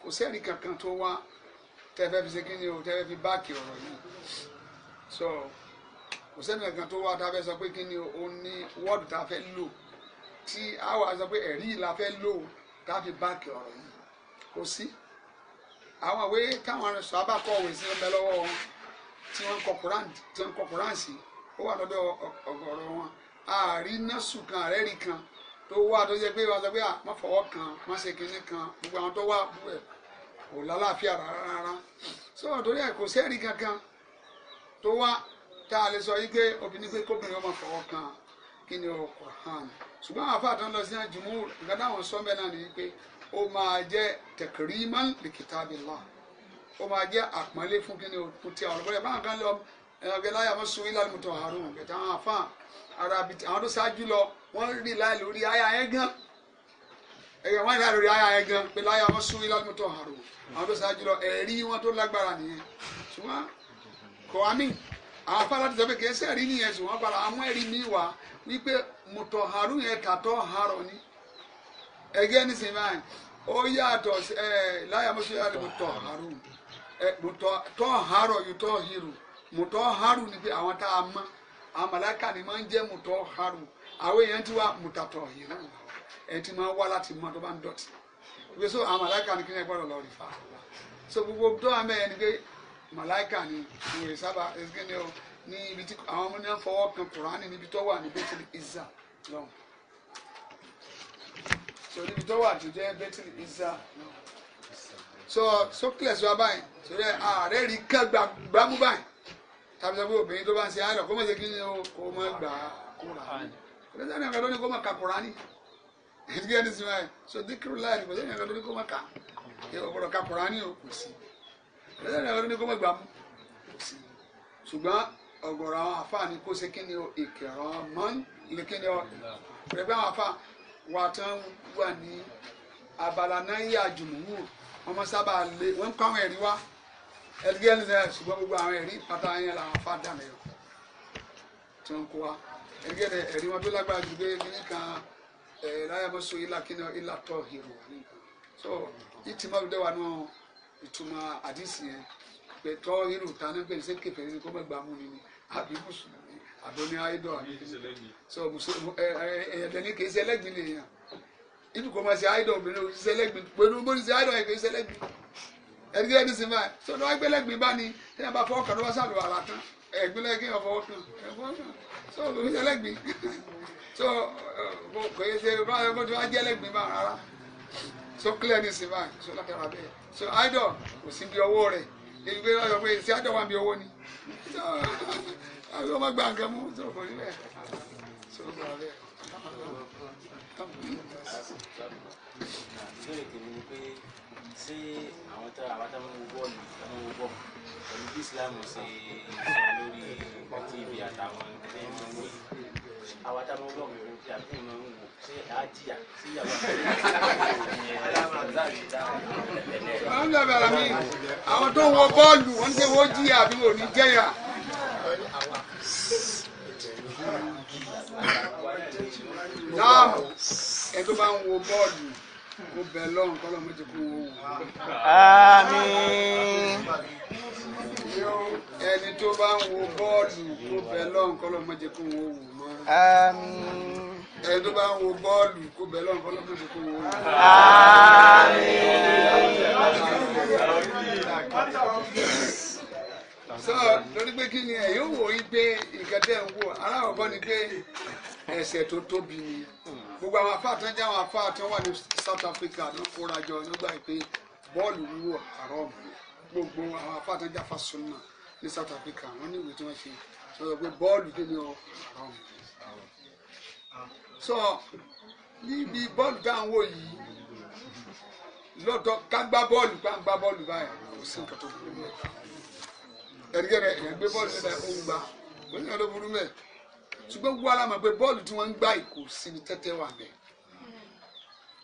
kò sẹ́ẹ̀rì kankan tó wá tẹ́fẹ́ fi ṣe kí ni o tẹ́fẹ́ fi báàkì ọ̀rọ̀ yìí so kò sẹ́ẹ̀rì kankan tó wá tàbẹ́ sọ pé kí ni o ní wọ́ọ̀dù tá a fẹ́ lò tí a wà sọ pé ẹ̀rí la fẹ́ lò tá a fi báàkì ọ̀rọ̀ yìí kò sí àwọn ìwé táwọn sọ tí wọ́n kọ Quran tí wọ́n kọ Quran sí ó wà lọ́dọ̀ ọ̀gọ̀rọ̀ wọn ààrí násù kan àrẹ́rì kan tó wá tó yẹ pé wọ́n sọ pé má fọwọ́ kan má ṣe kinní kan gbogbo àwọn tó wá bẹ́ẹ̀ kò lálàáfíà rárá rárá so torí ẹ̀ kò sẹ́ẹ̀rí kankan tó wá tá a lè sọ yí pé obìnrin pé kóbìnrin ọmọ fọwọ́ kan kí ni o Quran ṣùgbọ́n àwọn afáàtàn lọ sí àjùmọ̀ nǹkan táwọn sọ́ńbẹ́ náà ni pé ó máa jẹ́ tẹ̀kírímán li kitabillah ó máa jẹ́ àpọ́nlé fún kí ni o ti àwọn ọ̀rọ̀ báwọn kan lọ ẹ̀rọ̀gẹ́ láyà wọn sun ilé àlùmọ̀tò àrùn kẹta àwọn àfáà ara bìtì àwọn tó ṣáájú lọ wọ́n rí láyà lórí àyà yẹn gan ẹ̀yọ̀ wọ́n rí láyà lórí àyà yẹn gan pé láyà wọn sun ilé àlùmọ̀tò àrùn àwọn tó ṣáájú lọ ẹ̀rí wọn tó lágbára nìyẹn ṣùgbọ́n kọ́ àmì àwọn afárá láti sọ pé kìí sẹ́ẹ̀rí nìyẹn ṣùgbọ́n padà àwọn ẹ̀rí mi wà wípé mọ̀tọ̀ àrùn yẹn tàtọ̀ àrọ̀ ni ẹ̀gẹ́ nísìnyí báyìí ó yàtọ̀ láyà mọ́ṣúlẹ̀ àlùmọ̀tọ̀ àrùn mutọ tọ harọ yutọ hiru mutọ haru ni pé àwọn tá a mọ̀ àwọn màláíkà ni máa ń jẹ́ mutọ haru àwọn èèyàn ti wá mutatọ hiru ẹ ti máa wá láti mọ tó bá ń dọ̀tí ìgbé so àwọn màláíkà ni kí ni ẹ gbọ́dọ̀ lọ rí fa so gbogbo tó wà mẹ́rin ni pé màláíkà ni ìwé sábà ẹsẹ̀ ni o ní ibi tí àwọn ọmọ náà fọwọ́ kan kùránì níbi tó wà ní bẹ́tẹ̀lì ìzà lọ́hùn so níbi tó wà tó jẹ́ bẹ́tẹ̀lì ìzà lọ́hùn sọ sókèlè sọ abáyìn sórí ààrẹ rí kán gbàmú báyìí tàbí sọ pé obìnrin tó bá ń ṣe àlọ kó mọ̀ ṣe kí ni o kó mọ̀ gbà á kúránì kò sẹ́ni àgbàdo ni kó mọ̀ ká kúránì ẹ̀dígẹ́ ẹni sinmi báyìí so díkìrù láàyè kò sẹ́ni àgbàdo ni kó mọ̀ ka ọ̀pọ̀lọ̀ ká kúránì o kò sí kò sẹ́ni àgbàdo ni kó mọ̀ gbàmú kò sí ṣùgbọ́n ọ̀gọ̀rọ̀ àwọn ni kó ṣe kí ni o ìkẹ̀rọ mọ́n lè kí ni o pẹ̀lú àwọn àfáà wà wọ́n sábà lé wọ́n ń kọ́ àwọn ẹ̀rí wá ẹ̀dígẹ́ ní sẹ́yìn ṣùgbọ́n gbogbo àwọn ẹ̀rí pátá yẹn làwọn afá dànù tí wọ́n kó wa ẹ̀dígẹ́ ní ẹ̀rí wọn tó lágbára ju pé kíní kan láyàmọ́sọ ilà kíní ilà tọ́ hìrò so ìtìmọ́ ló dé wa nù ìtumọ̀ àdìsí yẹn pé tọ́ hìrò tánú pé kẹfẹ́ ní kó mọ̀ gbà mú mi ni àbí mùsùlùmí àbọ̀ ní àbí so ẹ̀ẹ́dẹ̀ ní kì í ṣe ẹlẹ́gbìn ibi kò máa ṣe idol obìnrin òṣìṣẹ́ lẹ́gbìn pẹ̀lú bó ṣe idol ẹ̀kẹ́ ṣiṣẹ́ lẹ́gbìn ẹ̀dí ẹ̀dí sì máa so ní wọ́n gbé lẹ́gbìn bá ní tí wọ́n bá fọwọ́ kàn ló bá sàlùwà látàn ẹ̀gbìn lẹ́gbìn ọ̀fọwọ́ kàn ẹ̀fọwọ́ kàn so kò ṣe lẹ́gbìn so kò yẹ ṣe bó ti wá jẹ́ lẹ́gbìn bá rárá so clear ní sì máa so látara bẹ́ẹ̀ so idol kò sí bí ọwọ́ rẹ̀ èyí pé ọ̀yọ́ pé ṣé idol wà bí owó ni so ọmọ gbà mú so kò rí bẹ́ẹ̀ so gbà bẹ́ẹ̀ ìbéèrè tèmi ni pé ṣé àwọn tá àwọn tá Islam ṣe sọ lórí tv àtàwọn ẹgbẹ́ ìmọ̀ ní àwọn tá máa ń bọ́ọ̀lù pẹ̀lú bí àbí ìmọ̀ ń wò ṣé àájìyà sí ìyàwó àtẹ̀lẹ́ àwọn tó ń wo bọ́ọ̀lù wọ́n ń ṣe wọ́n jìyà àbí wọ́n ní jẹ́yà naam ẹni bá ń wo bọ́ọ̀lù mo bẹ̀ lọ́run kọ́ lọ́mọ ti kú wọn wò. ẹni tó bá ń wo bọ́ọ̀lù mo bẹ̀ lọ́run kọ́ lọ́mọ ti kú wọn wò ẹni tó bá ń wo bọ́ọ̀lù kó bẹ̀ lọ́nà fọlọ́ fún ìṣòkò wọn. sọ lórí pé kí ni ẹ yóò wò yí pé nǹkan ń wò aláwọ̀ bọ́ ni pé ẹ̀ṣẹ̀ tó tóbi ni gbogbo àwọn afá àtàn jẹ́ àwọn afá àtàn wà ní South Africa ló kóra jọ nígbà pé bọ́ọ̀lù wíwò haram gbogbo àwọn afá àtàn jáfa sunna ní South Africa wọ́n ní ìwé tí wọ́n ṣe sọ pé bọ́ọ̀lù tó ní ọ haram. sọ níbi bọ́ọ̀lù táwọn yìí lọ́dọ̀ ká gbá bọ́ọ̀lù ká gbá bọ́ọ̀lù báyìí kò sí nǹkan tó burú mẹ́ ẹ̀rígẹ́rẹ́ ẹ̀ gbé bọ́ọ̀lù nígbà ó ń gbà ó ní burú mẹ́ ṣùgbọ́n gbogbo ara mọ̀ pé bọ́ọ̀lù tí wọ́n ń gbá yìí kò sí ní tẹ́tẹ́ wà bẹ́ẹ̀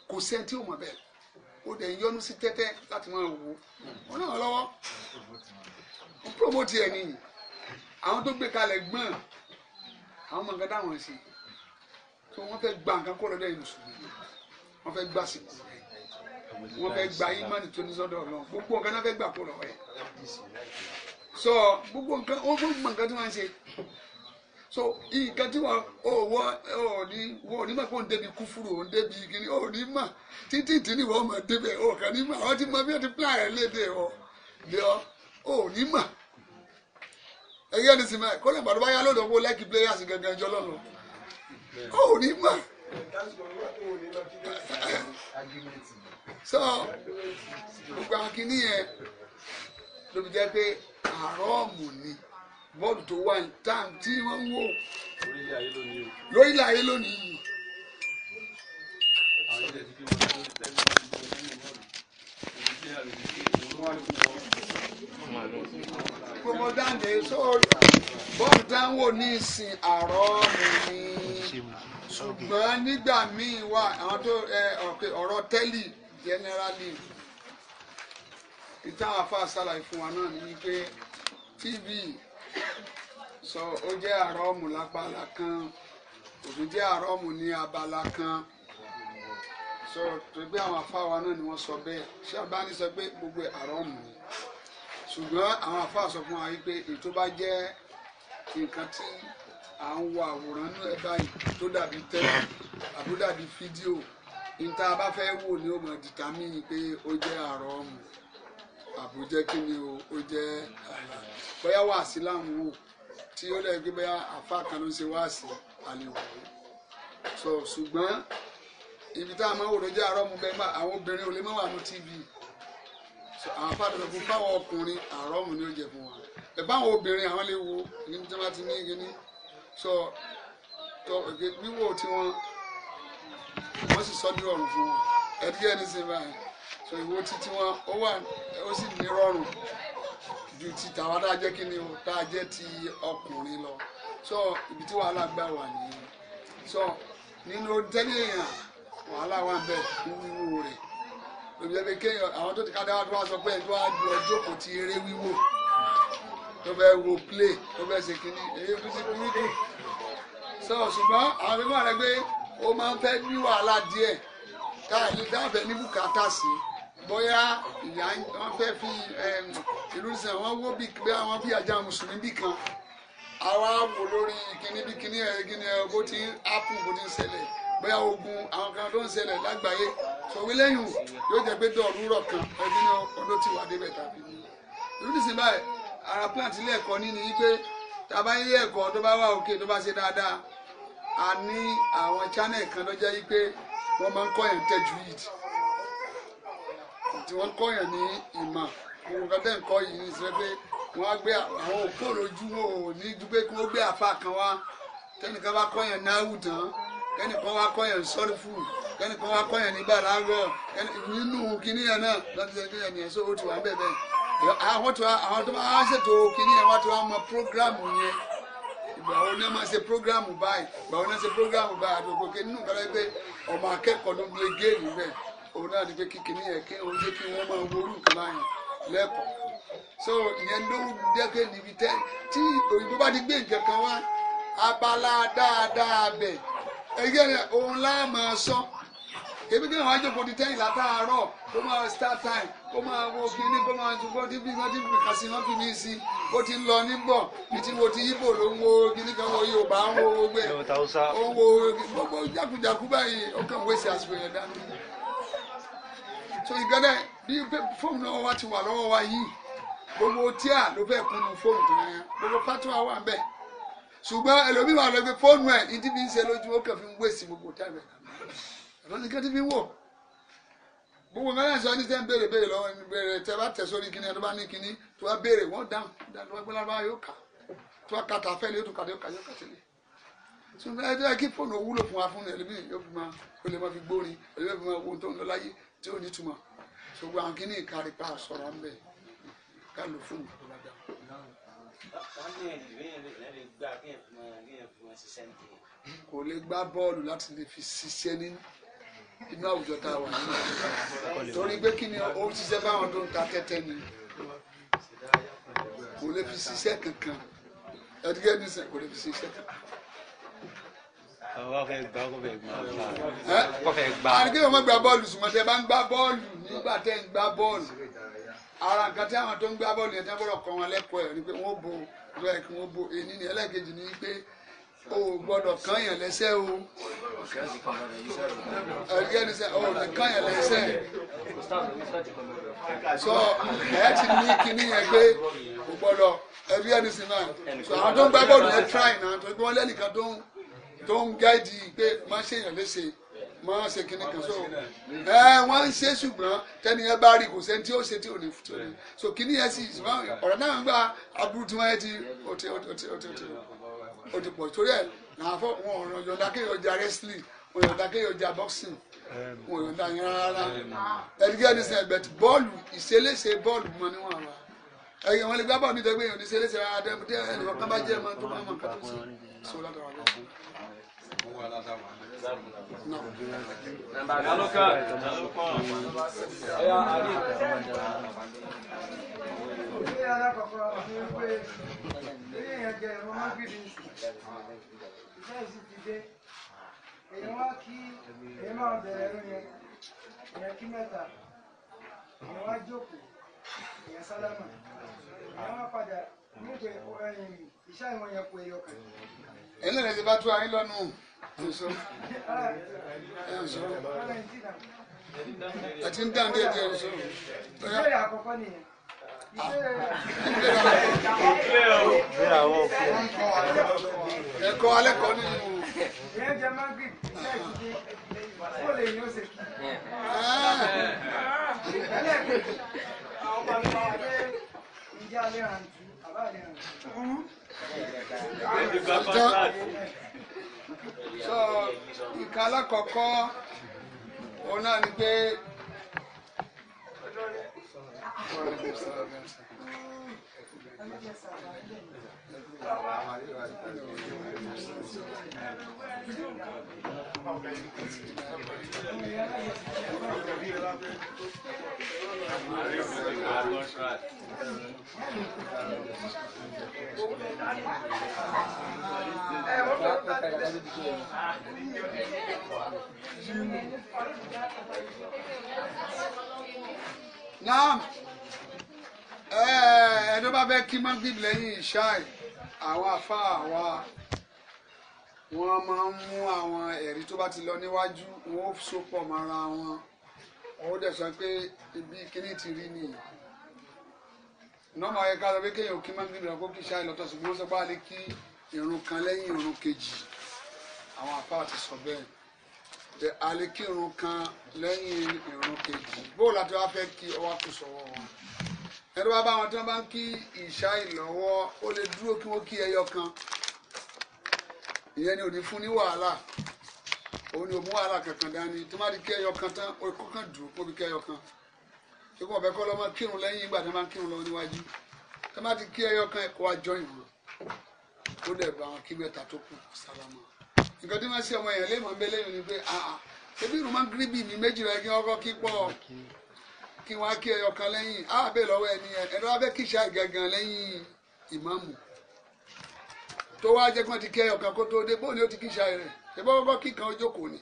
kò sẹ́ni tí ò mọ̀ bẹ́ẹ̀ ó dẹ̀ ń yọnu sí tẹ́tẹ́ láti máa wò ó ràn án lọ́wọ́ ó promote ẹ̀ nìyí àwọn tó gbé kalẹ̀ gbọ́n àwọn mọ̀ nǹkan dáhùn ẹ̀ sí tó wọ́n fẹ́ gba nǹkan kó lọ́dọ̀ yìí mùsùlùmí wọ́n fẹ́ gbà sí kúrò wọ́n fẹ́ gba imani tó ní sọ́dọ̀ Ọlọ́run gbogbo nǹkan náà fẹ́ gbà kó lọ́wọ́ ẹ̀ so gbogbo nǹkan ó gbogbo nǹkan tí wọ́n ń ṣe so nǹkan tí wọn ò wọ ò ní wọn ò ní mà kó ń débi kúfúrú ò ń débi kiri ò ní mà títí tí ni wọn mà débẹ̀ ò kàn ní mà wọn ti mọ bí wọn ti pílà ẹ léde ọ lé ọ ò ní mà ẹgbẹ́ ní sinmi kó lè gbàdúrà yá lọ́dọ̀ wọ lẹ́kì players gangan jọ lọ́nà ò ní mà. so gbogbo akínní yẹn ló fi jẹ́ pé àrọ́ọ̀mù ni bọ́ọ̀lù tó wà tá tí wọ́n ń wò lórílẹ̀ ayé lónìí yìí. gbogbo dáǹdé sóòlù bọ́ọ̀lù dáǹwò ní ìsìn àárọ̀ mi ni ṣùgbọ́n nígbà míì wà àwọn tó ọ̀rọ̀ tẹ́lì generally ìtàn àfa ṣàlàyé fún wa náà ni pé tv so ó jẹ́ àrọ́ọ̀mù lápálá kan òfin jẹ́ àrọ́ọ̀mù ní abala kan so torí àwọn afáwa náà ni wọ́n sọ bẹ́ẹ̀ ṣàbáni sọ pé gbogbo àrọ́ọ̀mù ni ṣùgbọ́n àwọn afáà sọ fún wa wípé ètò bá jẹ́ nǹkan tí à ń wo àwòrán náà báyìí tó dàbí tẹ́lẹ̀ àbó dàbí fídíò níta bá wò ni ó mọ̀ dìtámì pé ó jẹ́ àrọ́ọ̀mù àbò jẹ́ kí ni o ó jẹ́ bóyá wàásì láwọn wò tí ó dẹ̀ bóyá àfa kan ló ń ṣe wàásì àlewò so ṣùgbọ́n ibi tá a máa wò ló jẹ́ àárọ̀ mu bẹ́ẹ̀ máa àwọn obìnrin ò lè má wà ní tv so àwọn afáàdé sọ fún fáwọn ọkùnrin àárọ̀ mu ni ó jẹ fún wa ẹ̀ báwọn obìnrin àwọn lè wo ní tí wọ́n ti ní kíní so wíwò tí wọ́n wọ́n sì sọ́ ní ọ̀rùn fún wọn ẹ̀ díẹ̀ ní sinmi báyìí so ìwo títí wọn ó wà ó sì ní rọrùn ju ti tàwa tá a jẹ́ kí ni o tá a jẹ́ ti ọkùnrin lọ so ibi tí wàhálà gbà wà nìyẹn so nínú tẹ́lẹ̀ èèyàn wàhálà wà bẹ́ẹ̀ wíwú rẹ̀ lóbi ẹbí kéèyàn àwọn tó ti ká dáwà tó wá sọ pé ẹ̀ tó wá ju ọjọ́ kò ti eré wíwò tó fẹ́ wo play tó fẹ́ ṣe kínní èyí kú sí wíwò so ṣùgbọ́n àwọn mímọ́ rẹ̀ pé ó máa ń fẹ́ ní wàhálà díẹ̀ káàkiri dáàbẹ̀ ní bùkátà sí i bóyá ìyá wọn fẹ́ fi ìlú sẹ̀ wọ́n wó bí àwọn bí àjà mùsùlùmí bì kan àwa wò lórí kíní bí kíní ẹ̀ kíní ẹ̀ bó ti ń ápù bó ti ń ṣẹlẹ̀ bóyá ogun àwọn kan tó ń ṣẹlẹ̀ lágbàáyé sọ̀wé lẹ́yìn yóò jẹ́ pé dọ̀ọ̀rù rọ̀ kan ẹbí ní ọdún tí wà débẹ̀ tàbí ní. ìlú ti sìn báyìí ara plant ilé ẹ̀kọ́ ní wípé tàbá ilé ẹ̀kọ́ tó bá wà òkè tó bá ṣe dáadáa a ní àwọn channel kan lọ́jọ́ wípé wọ́n máa ń kọ́ yẹn tẹ́jú yìí tí wọ́n kọ́ yẹn ní ìmọ̀ òun kan tẹ̀ ń kọ́ yìí ní sẹ́ pé wọ́n á gbé àwọn òpó lójú wọn ò ní dúpẹ́ kí wọ́n gbé àfa kan wá tẹnìkan bá kọ́ yẹn náà wù tán kẹ́nìkan wá kọ́ yẹn sọ́rí fún kẹ́nìkan wá kọ́ yẹn nígbà láàárọ̀ nínú kínní yẹn náà láti ṣe kí yẹn ní ẹ̀sọ́ ó ti wà ń bẹ̀bẹ̀ àwọn tó àwọn tó máa ṣètò kínní yẹn wá tó wá mọ prógrámù yẹn ìgbà wo máa ṣe prógrámù báyìí ìgbà wo ṣe prógrámù báyìí àti nínú kọ́lá yẹn pé ọmọ akẹ́kọ̀ọ́ ló gbé géèmù bẹ́ẹ̀ òun náà ti pé kíkiní yẹn kí òun jẹ́ kí wọ́n máa worú nǹkan báyìí lẹ́kọ̀ọ́ so ìyẹn ló dẹ́kẹ́ níbi tẹ́ tí òyìnbó bá ti gbé nǹkan kan wá abala dáadáa bẹ̀ ẹgbẹ́ rẹ̀ òun láà máa sọ èmi kí wọn àjọpọ̀ di tẹ́yìn látàárọ̀ kó máa start time kó máa wo kíní kó máa tún bọ́tí bí wọ́n ti fi kà sí wọ́n fi mí sí ó ti ń lọ níbọ̀ ní ti wo ti yíbò ló ń wo kíní kan wo Yorùbá ń wo gbẹ ó ń wo gbogbo jákujàku báyìí ó kàn wéṣẹ àsìkò yẹn dání so ìgbẹ́dẹ́ bí fóònù lọ́wọ́ wa ti wà lọ́wọ́ wa yìí gbogbo tíà ló fẹ́ kunu fóònù tó yẹn gbogbo wa wà bẹ́ẹ̀ ṣùgbọ́n ẹlòmíràn àlọ́ gbé fóònù ẹ̀ ìdí fi ń ṣe lójú ó kàn fi ń wéṣì gbogbo táìmẹ̀ àlọ́ ní kẹ́tí fi ń wò gbogbo mẹ́rin sọ ní sẹ́ ń béèrè béèrè lọ́wọ́ ẹni béèrè tẹ́ bá tẹ̀ sórí kíní ẹni bá ní kíní tó bá béèrè wọ́n dáhùn dáhùn tó bá gbọ́dọ̀ bá yóò kà tó bá kàtà fẹ́ lé yóò tún kàdé yóò kà yóò kà sílẹ̀ ṣùgbọ́n ẹ jẹ́ kí fóònù wúlò fún wa fún ẹlòmíràn yóò fi máa ó lè máa fi gbórin ẹlòmíràn fi máa wo ohun tó ń lọ láyé tí ò ní túmọ̀ ṣùgbọ́n àwọn kìíní ìkárí pa àṣọra ńbẹ ká lò fún un. kò lè gbá bọ́ọ̀lù láti lè fi ṣiṣẹ́ ní inú àwùjọ tá a wà nínú torí pé kí ni ó ṣiṣẹ́ báwọn tó ń ta tẹ́tẹ́ ni kò lè fi ṣiṣẹ́ kankan ẹ̀dígẹ́ ní kò lè fi ṣiṣẹ́ kankan ọwọ́ fẹ́ gbà ọkọ fẹ́ gbà ọkọ fẹ́ gbà. àdìgbò yóò mọ gba bọ́ọ̀lù sùnmọ́ tẹ bá ń gbá bọ́ọ̀lù nígbà tẹ ń gbá bọ́ọ̀lù ara nǹkan tí àwọn tó ń gbá bọ́ọ̀lù yẹn tẹ́ gbọ́dọ̀ kọ́ wọn lẹ́kọ̀ọ́ ẹ̀ ni pé wọ́n bo ìjọba ẹ̀kí wọ́n bo èyí ni ẹlẹ́ẹ̀kejì ni pé o gbọ́dọ̀ kán yàn lẹ́sẹ̀ o sọ ẹ̀ ti ní kíní yẹn pé o gbọ́dọ̀ ẹ̀rígẹ́ni sí náà àwọn tó ń gbá bọ́ọ̀lù yẹn tíráì náà tó gbọ́n lẹ́nìkan tó ń gáìdì pé má ṣe èèyàn léṣe má ṣe kíní kan so ẹ wọ́n ń ṣe ṣùgbọ́n tẹ́ni yẹn bá rí kò sẹ́ni tí ó ṣe tí ò ní tó ní so kíní yẹn sì ọ̀rọ̀ náà ń gba aburú tí wọ́n yẹ ti ó ti ó ti ó ti ó ti ó ti pọ̀ torí ẹ̀ làáfọ̀ wọn ò ràn yọ̀ǹda kéèyàn ja wrestling wọn yọ̀ǹda kéèyàn ja boxing wọn yọ̀ǹda yẹn rárá ẹ̀dígẹ́ni sẹ́gbẹ̀t bọ́ọ̀lù ìṣeléṣe bọ́ọ̀lù mọ́ níwọ̀n wa ẹyẹ wọn lè gbá bọ mi dẹgbẹ yẹn ní sẹlẹsẹ adẹmúdẹ ẹnìkan bá jẹ ẹ máa tó máa máa kàtó sí i sọ ládàá wà lọ èyí wá kí èyí máa bẹ̀rẹ̀ ẹ̀rọ yẹn èyí kí mẹ́ta èyí wá jókòó èyí sálámà èyí wá padà ẹnu rẹ ti bá tó ayé lọ́nu ẹ ti ń dán dé ẹjẹ ọsọ. ìbéèrè àkọ́kọ́ nìyẹn. ẹ̀kọ́ alẹ́ kọ́ nínú. ìyẹn jẹ magrib ilé ìdíje kó lè yín ó ṣe kí. ilé ìdíje àwọn ọmọ mi máa wà pé ìjà lè rántí so nǹkan alákọ̀ọ́kọ́ òun náà ni pé Naam. Eh, Ẹ̀ẹ́dọ́ bá bẹ́ kí Mágbìlì lẹ́yìn ìṣáì àwọn àfáà wa wọ́n máa ń mú àwọn ẹ̀rí tó bá ti lọ níwájú wọ́n ó sopọ̀ mọ́ra wọn wọ́n ó dẹ̀ sọ pé ibi kíní ti rí nìyí nọ́ọ̀mù ayẹká lọ pé kéèyàn kí máa ń bíbí ọkọ̀ kí ṣáà lọ́tọ̀ ṣùgbọ́n sọ pé a kí irun kan lẹ́yìn irun kejì àwọn àfáà ti sọ bẹ́ẹ̀ pé a kí irun kan lẹ́yìn irun kejì bóòlù àti wọ́n fẹ́ kí ọwọ́ kù sọ́wọ́ wọn ẹ̀rọ bá bá wọn tí wọ́n bá ń kí ìṣá ìlọ́wọ́ ó lè dúró kí wọ́n kí ẹyọ kan ìyẹn ni ò fún ní wàhálà òun ni wàhálà kankan dání tó má di kí ẹyọ kan tán ó kọ́kàn dùn kó bí kí ẹyọ kan tó kọ́ ọ̀bẹ kọ́ lọ́mọ kírun lẹ́yìn ìgbà tó má ń kírun lọ níwájú tó má di kí ẹyọ kan ẹ̀kọ́ àjọ ìwò ó dẹ̀ bá wọn kí mẹ́ta tó kù sálámà nǹkan tí wọ́n ṣe ọmọ yẹn lé mọ̀ ń bẹ́ ni pé àà ṣebí ìrùmọ́ gíríbì ní méjìlá ẹgbẹ́ ọkọ̀ kíkọ́ kí wọ́n á kí ẹyọ kan lẹ́yìn á bẹ̀ lọ́wọ́ ẹni yẹn ẹni wọ́n á bẹ̀ kí ìṣá gangan lẹ́yìn ìmáàmù tó wá jẹ́ pé wọ́n ti kí ẹyọ kan kó tó dé bóun ni ó ti kí ìṣá rẹ̀ ìbọn kọ́kọ́ kí kan ó jókòó ni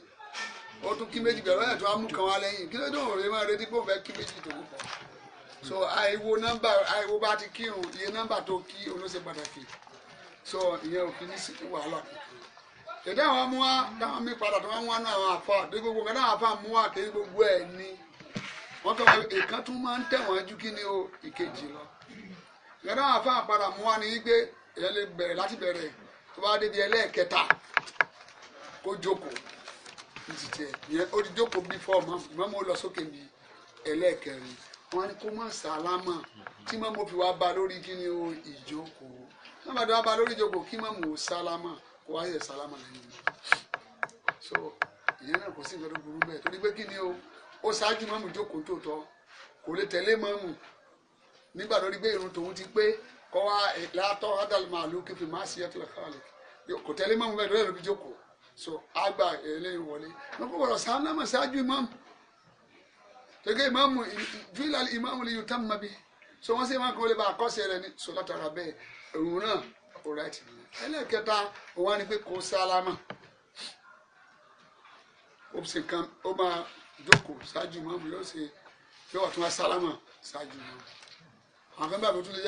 ó tún kí méjì bẹ̀rẹ̀ lọ́yà tó á mú kan wá lẹ́yìn kí ló dé òun rẹ̀ máa retí pé òun fẹ́ kí méjì tó kù so àìwo nọ́mbà àìwo bá ti kírun iye nọ́mbà tó kí olóṣè pàtàkì so ìyẹn ò fi ní sí wàhálà tẹ̀dá àwọn amúwá táwọn mi padà tó wá ń wá náà àwọn àfa àdégbogbo nǹkan náà àfa àmúwá kéé gbogbo ẹ̀ ní wọ́n fẹ́ wọ́n ìkan tún máa ń tẹ̀wọ́n ju kí ni o ìkejì lọ. ìyẹn náà àfa àpàdà mú wa ní gbé ìyẹn lè bẹ̀rẹ̀ láti bẹ̀rẹ̀ tó bá débi ẹlẹ́ẹ̀kẹta kó jókòó ní ti tiẹ̀ ìyẹn ó ti jókòó bí fọ́ọ̀mù ìmọ̀mọ́ lọ sókè ní ẹlẹ́ẹ̀kẹrin wọ́n ní kó má sàlámà tí mọ́mọ́ fi wá ba lórí kí ni o ìjókòó nígbà tó wá ba lórí ìjókòó kí mọ́mọ́ ò sàlámà kó wá sàlámà lẹ́yìn so ìyẹn náà kò sí nǹkan tó burú bẹ́ẹ̀ torí pé kí ni o ó ṣáájú mọ́mù jókòó tòótọ́ kò lè tẹ̀lé mọ́mù nígbà lórí gbé irun tòun ti pé kọ́ wa látọ́ adàlùmọ́ àlù kẹfì má sí ẹtùlẹ̀ kọ́lẹ̀ kò tẹ̀lé mọ́mù bẹ́ẹ̀ lórí jókòó so àgbà eléyìí wọlé lọ́kọ̀ wọ̀rọ̀ sáánámà ṣáájú mọ́mù gẹ́gẹ́ ìmáàmù júlá ìmáàmù lè yùtá mọ́ bí so wọ́n sì máa kọ́ lè bá àkọ́sẹ̀ rẹ̀ ní so látara bẹ́ẹ̀ òun náà ọ̀ráìtì ni ẹlẹ́kẹta òun á ní pé kò sálámà ó sì kan ó máa jókòó ṣáájú mọ́mù yóò ṣe yóò wà tún wá sálámà ṣáájú mọ́mù àwọn fẹ́ẹ́ bàbá lè pé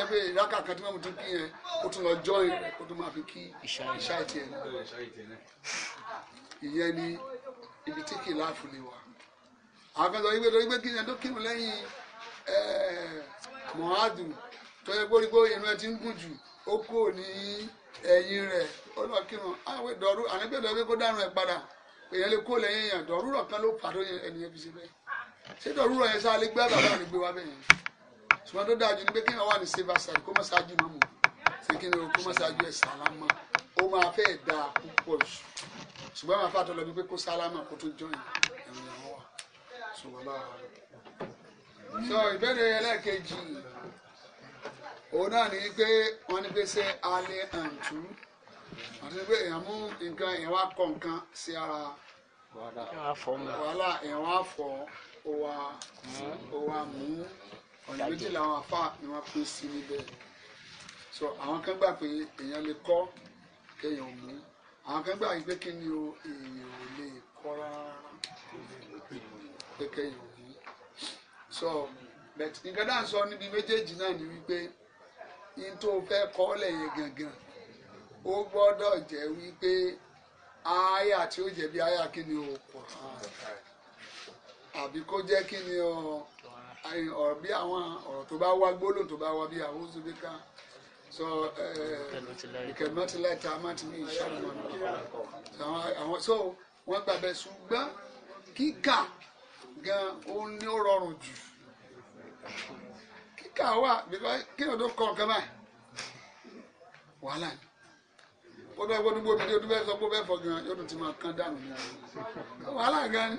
kan tí kí yẹn o tún lọ fi kí ìṣá ìtì ẹ̀ náà ìyẹn ni ibi tí kì í láàfù àwọn sọ torí pé kí yẹn tó kírun tó yẹ inú ẹ ti ń gùn jù ó èèyàn lè kó lẹ́yìn èèyàn dọ̀rúrọ̀ kan ló pàtó ẹnìyẹn fi ṣe bẹ́ẹ̀ ṣé dọ̀rúrọ̀ yẹn sá lè gbé bàbá rẹ̀ gbé wá bẹ́ẹ̀ yẹn ṣùgbọ́n tó dáa jù ni pé kéèyàn wà ní silver side kó má ṣáájú mọ́ mu ṣé kí ni o kó má ṣáájú ẹ̀ sálámà ó máa fẹ́ da púpọ̀ jù ṣùgbọ́n màá fàtọ́ lọ bí pé kó sálámà kó tó jọyìn ẹ̀rọ ìyàwó wa ṣùgbọ́n bá wà lọ. sọ ìbéèrè ẹlẹ́ẹ̀kejì òun náà ní pé wọ́n ní pé ṣé alẹ́ àǹtú àti pé èèyàn mú nǹkan èèyàn wá kọ nǹkan sí ara wàhálà èèyàn wá fọ òwà òwà mú ọ̀nà méjì làwọn afá ni wọ́n pín sí níbẹ̀ so àwọn kan gbà pé èèyàn lè kọ́ kéèyàn mú àwọn kan gbà pé kí ni o èèyàn ò lè kọ́ rárá kéèyàn mú so but nǹkan dáhùn sọ níbi méjèèjì náà ni wípé n tó fẹ́ kọ́ lẹ̀ yẹn gangan ó gbọ́dọ̀ jẹ́ wípé aya tí ó jẹ́ bí aya kí ni o Kùránì àbí kó jẹ́ kí ni o ọ̀rọ̀ bí àwọn ọ̀rọ̀ tó bá wá gbólóhùn tó bá wá bí àwọn oṣù bíkà so eh, ìkẹ̀mọ́tìlá ìta máa ti ní ìṣàmùmọ́ so wọ́n gbàgbẹ́ ṣùgbọ́n kíkà gan òun ni ó rọrùn jù kíkà wà kí ni o tó kọ nǹkan báyìí wàhálà ni bọ́dọ̀ ẹgbẹ́ onígbò mi ní o dúpẹ́ sọ pé o fẹ́ fọ gan yóò tún ti máa kán dànù ní àwọn wàhálà gan ni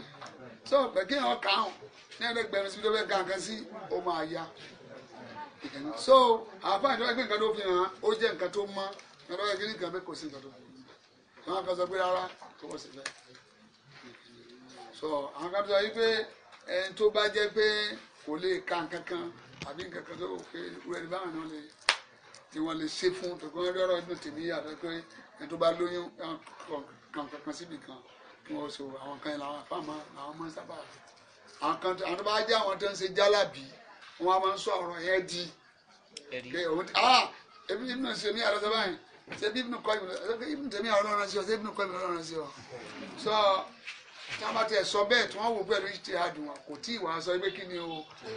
sọ pé kí èèyàn kà áhùn ní ẹgbẹ̀rún síbi tó fẹ́ kàn kan sí o máa ya so àáfàá ìjọba ẹgbẹ́ nǹkan tó fi hàn ó jẹ́ nǹkan tó mọ́ ẹgbẹ́ ẹgbẹ́ nǹkan bẹ́ẹ̀ kò sí nǹkan tó fi hàn àwọn kan sọ pé rárá kò wọ́n sì fẹ́ so àwọn kan tó sọ wípé ẹni tó bá jẹ́ pé kò lè ka nǹkan kan àbí nǹkan kan tó fi rẹ̀ báwọn náà lè tí wọ́n lè ṣe fún tòkó lọ́rọ̀ inú tèmi yàtọ̀ pé ẹni tó bá lóyún kan kankan síbi kan kí wọ́n so àwọn kan yẹn làwọn àfàmọ́ làwọn máa ń sábà rẹ̀ àwọn kan àwọn tó bá jẹ́ àwọn tó ń ṣe jálàbí wọn a máa ń sọ ọ̀rọ̀ yẹn di ebi ibi náà ṣe ní àlọ́sọ báyìí ṣe bí ibi náà kọ́ ibi náà tẹ̀mí ọlọ́run sí ọ ṣe ibi náà kọ́ ibi ọlọ́run sí ọ sọ táwọn tẹ sọ bẹ́ẹ̀ tí wọ́n wò pẹ̀lú ìṣe àdùn kò tí ì wá sọ pé kí ni o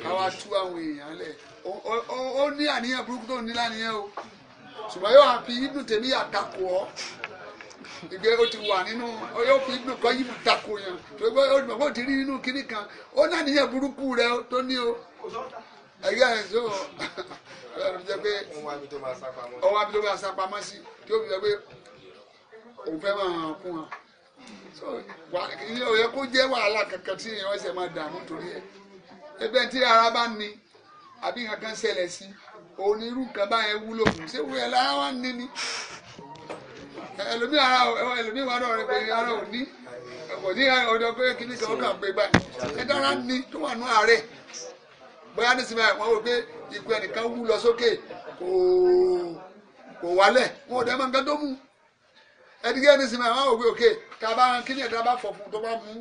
káwá tú àwọn èèyàn lẹ̀ ó ní àníyàn burúkú tó ní láníyàn o ṣùgbọ́n yóò fi ibùn tèmi àtakò ọ́ ìgbé o ti wà nínú yóò fi ibùn kọ́ ibùn takò yẹn ṣùgbọ́n o gbọ́dọ̀ ti rí nínú kiri kan ó náà níyẹn burúkú rẹ tó ní o ẹ̀yà ẹ̀ tó jẹ́ pé ọwọ́ àbí tó máa sá pamọ́ sí tí ó fi jẹ́ pé òun fẹ́ máa kún wọn ilé òye kó jẹ́ wàhálà kankan tí èèyàn ẹsẹ̀ máa dààmú torí ẹ̀ ẹgbẹ́ tí ara bá ní àbí kankan ṣẹlẹ̀ sí i òun ni irú nǹkan báyẹn wúlò fún ṣé wúlò yẹn lára wà ní ni ẹlòmíì ara ẹlòmíì wà náà rẹ pé ara ò ní kò ní ọjọ́ pé kíní kan ó kàn pé báyìí ẹ dára ní tó wà nú ààrẹ bóyá ní sinmi àwọn wò pé ikú ẹnìkan wú lọ sókè kò kò wálẹ̀ wọn ò dẹ́ mọ nǹkan tó mú ẹdígẹ́ ní sinmi àwọn wò pé òkè tá bá kíní ẹ̀dá bá fọ̀ fún tó bá mú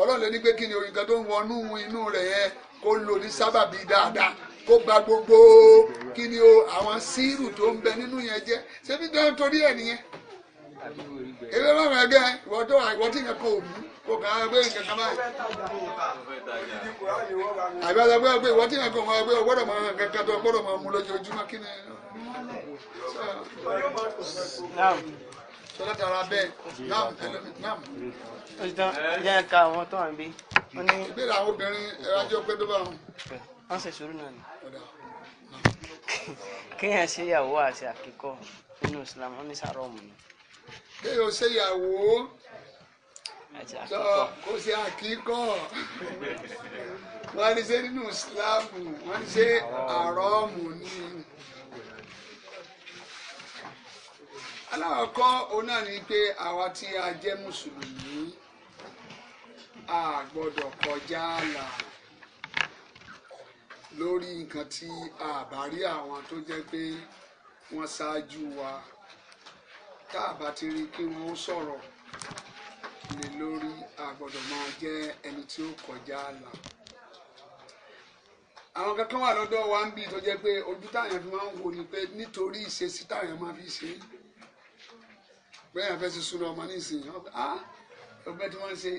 ọlọ́run lè kíni oyin tó ń wọnú inú rẹ̀ yẹn kó lò ní sábàbí dáadáa kó gba gbogbo kí ni o àwọn síìrù tó ń bẹ nínú yẹn jẹ́ ṣé bí dáhùn torí ẹ̀ nìyẹn ilé lọ́rùn ẹgbẹ́ ìwọ́n tó àìwọ́ tí yẹn kò mú kò kàn án gbé nǹkan kan báyìí. àbẹ̀lẹ̀ gbé ọgbẹ́ ìwọ́n tí yẹn kò mọ ọgbẹ́ ọgbọ́dọ̀ mọ nǹkan kan tó ọgbọ́dọ̀ mọ mú lójoojúmọ́ kí ni. sọlá tara bẹ́ẹ̀ náà ẹlẹ́mì náà. òṣìṣẹ́ ìyá ẹ̀ka àwọn tó wà ń bí. ìbéèrè àwọn obìnrin ẹ̀rọ ajé ọpẹ́ tó bá wọn. wọ́n ṣe sùúrù náà ni kéèyàn ṣèyàwó àti àkíkọ nínú Islam ó ní sàrọ̀mù ni. kéèyàn ṣèyàwó kò sí àkíkọ wọn ní ṣe nínú Islam wọn ní ṣe àrọ̀mù ni. aláwọ̀kọ́ òun náà ni pé àwa tí a jẹ́ mùsùlùmí a gbọ́dọ̀ kọjá ààlà lórí nǹkan tí a bá rí àwọn tó jẹ́ pé wọ́n ṣáájú wa tá a bá ti rí kí wọ́n sọ̀rọ̀ lé lórí a gbọ́dọ̀ máa jẹ́ ẹni tí ó kọjá àlà. àwọn kankan wà lọ́dọ̀ wa ń bì tó jẹ́ pé ojú táyàn fi máa ń wò ni pé nítorí ìṣesí táyàn máa fi ṣe bẹ́ẹ̀ fẹ́ ṣe súnú ọmọ nísìnyí ah, ọgbẹ́ tí wọ́n ń ṣe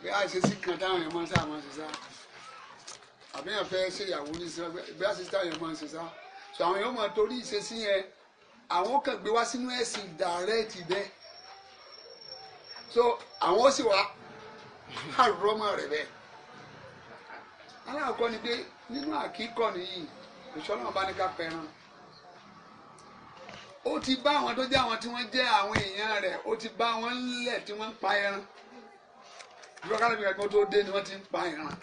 bẹ́ẹ̀ àìṣesí kan táwọn máa ń sáà máa ṣe sáà àbẹ́yàn fẹ́ ṣe ìyàwó ní sira bẹ́ẹ̀ sísá yẹn máa ń ṣe sá so àwọn yóò máa torí ìṣesí yẹn àwọn kan gbé wá sínú ẹ̀sìn dàrẹ́ẹ̀tì bẹ́ẹ̀ so àwọn sì wá àrọ́mọ rẹ̀ bẹ́ẹ̀ aláàkọ́ ni pé nínú àkíkọ́ nìyí òṣèlú ọba ní ká pẹran ó ti bá àwọn tó jẹ́ àwọn tí wọ́n jẹ́ àwọn èèyàn rẹ̀ ó ti bá wọn lẹ̀ tí wọ́n ń pa ẹran ìgbọ́kànlẹ̀ mi kàgbọ́n tó dé ni wọ́n ti ń pa ẹran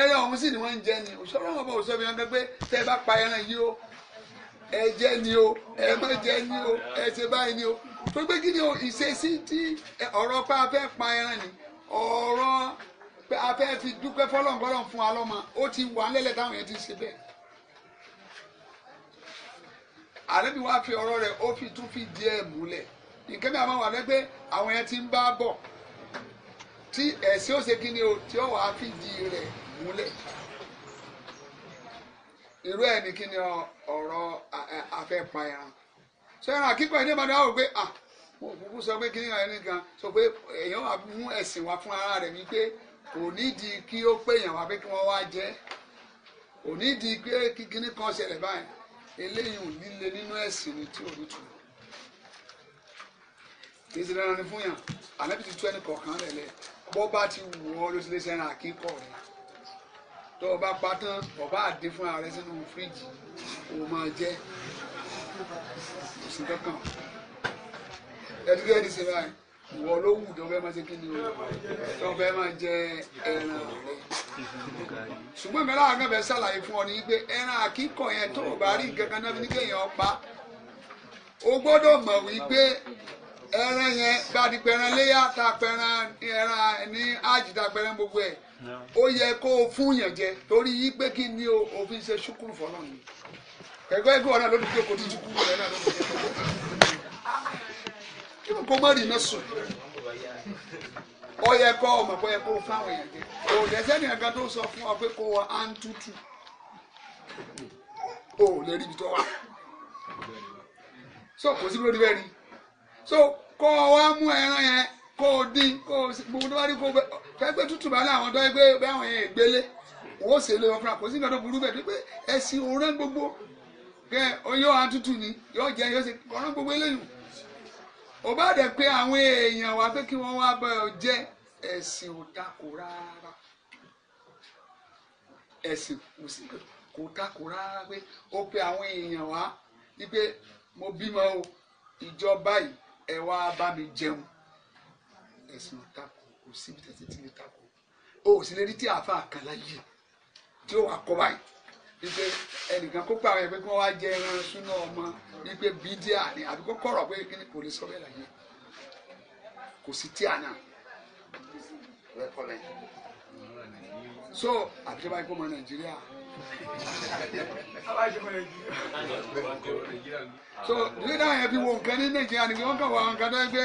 ẹran ọ̀hún sì ni wọ́n ń jẹ ni òṣèré ọ̀hún ọba òṣèré yẹn gbẹgbẹ tẹ ẹ bá pa ẹran yìí o ẹ jẹ ni o ẹ má jẹ ni o ẹ ṣe báyìí ni o tó gbé kí ni o ìṣesí tí ọ̀rọ̀ pé a fẹ́ pa ẹran ni ọ̀rọ̀ pé a fẹ́ fi dúpẹ́ fọlọ́ǹgọ́lọ́ǹ fún wa lọ́mọ ó ti wà nílẹ̀ táwọn yẹn ti ṣe bẹ́ẹ̀ àlébi wá fi ọ̀rọ̀ rẹ̀ ó fi tún fi díẹ̀ múlẹ̀ nǹkan bí a máa wà lẹ́gbẹ́ àwọn yẹn ti ń bá bọ̀ tí ẹ̀sìn ó ṣe kí ni o tí ó wàá fi di rẹ̀ múlẹ̀ irú ẹ̀ ní kí ni ọ̀rọ̀ afẹ́pa ẹran so ẹran kíkọ́ ẹni ìbàdàn àwọn pé ah mo kúkú sọ pé kíní ẹni kan sọ pé èèyàn wà mú ẹ̀sìn wá fún ara rẹ̀ wípé kò nídìí kí ó pé èèyàn wá pé kí wọ́n wá jẹ kò nídìí pé kíní kan ṣẹlẹ̀ báyìí eléyìí ò líle nínú ẹ̀sìn ni tí ò ní tù kì í ni fún yàn àlẹ́ bí ti tú ẹnì kọ̀ọ̀kan rẹ̀ lẹ̀ bọ́ bá ti wù ọ́ ló ti lè ṣe àkíkọ̀ rẹ̀ tó o bá pa tán ọba àdín fún ara rẹ sínú fíríjì o máa jẹ òsì kankan ẹdúgẹ́dì sí báyìí ìwọ ló wù tó fẹ́ máa ṣe kí ni o tó fẹ́ máa jẹ ẹran rẹ ṣùgbọ́n mi láwọn kan fẹ́ ṣàlàyé fún ọ ní pé ẹran àkíkọ̀ yẹn tó o bá rí kankan náà ní kéèyàn pa o gbọ́dọ̀ mọ̀ wípé ẹran yẹn bá a di pẹran léyà ta pẹran ẹran ní àjì ta pẹran gbogbo ẹ̀ ó yẹ kó o fún yàn jẹ torí yí pé kí ni o fi ṣe ṣúkúrú fọlọ́ ni ẹgbẹ́ ẹgbẹ́ ọ̀nà ló ti pé kò ti ti kúrú rẹ̀ náà ló ti pé má rí iná sùn ó yẹ kó o mọ̀ pé ó yẹ kó o fún àwọn èèyàn jẹ kò dẹ́sẹ́ ní ẹ̀ka tó sọ fún ọ pé kó o á ń tútù o lè rí ibi tó wà so kò sí lórí bẹ́ẹ̀ ni so kó o wá mú ẹran yẹn kó o dín kó o gbogbo tó bá rí kó o bẹ́ẹ̀ kẹgbẹ́ tútù bá láwọn tó ẹgbẹ́ bá àwọn yẹn gbélé wọ́n ó ṣèlè wọn fún àpò sí ìgbàdàn burú bẹ̀ tó pé ẹ̀sìn òórẹ́ gbogbo kẹ oyó àtútù ni yóò jẹ yóò ṣe ọ̀rọ̀ gbogbo eléyìí ò bá dẹ̀ pé àwọn èèyàn wá pé kí wọ́n wá bẹ̀ ọ jẹ́ ẹ̀sìn ò takò rárá ẹ̀sìn kò takò rárá pé ó pe àwọn èèyàn wá wípé mo bímọ o ìjọba yìí ẹ wá bá mi jẹun ẹ̀sìn ò takò kò síbi tẹ̀sí tí lè takò o ò sì lè rí tí àáfà kan láyé tí ó wà kọ́ báyìí wípé ẹnìkan kó pa àwọn ẹgbẹ́ kí wọ́n wá jẹ ẹran súná ọmọ wípé bídíà ni àbí kó kọ̀rọ̀ pé kí ni kò lè sọ bẹ́ẹ̀ láyé kò sí tíà náà rẹ́kọ̀lẹ̀ so àbí tí wọ́n bá yẹ kó mọ Nàìjíríà so nígbà yẹn bí wọn kàn ní Nàìjíríà ni wọn kàn wọ àwọn kan gbé.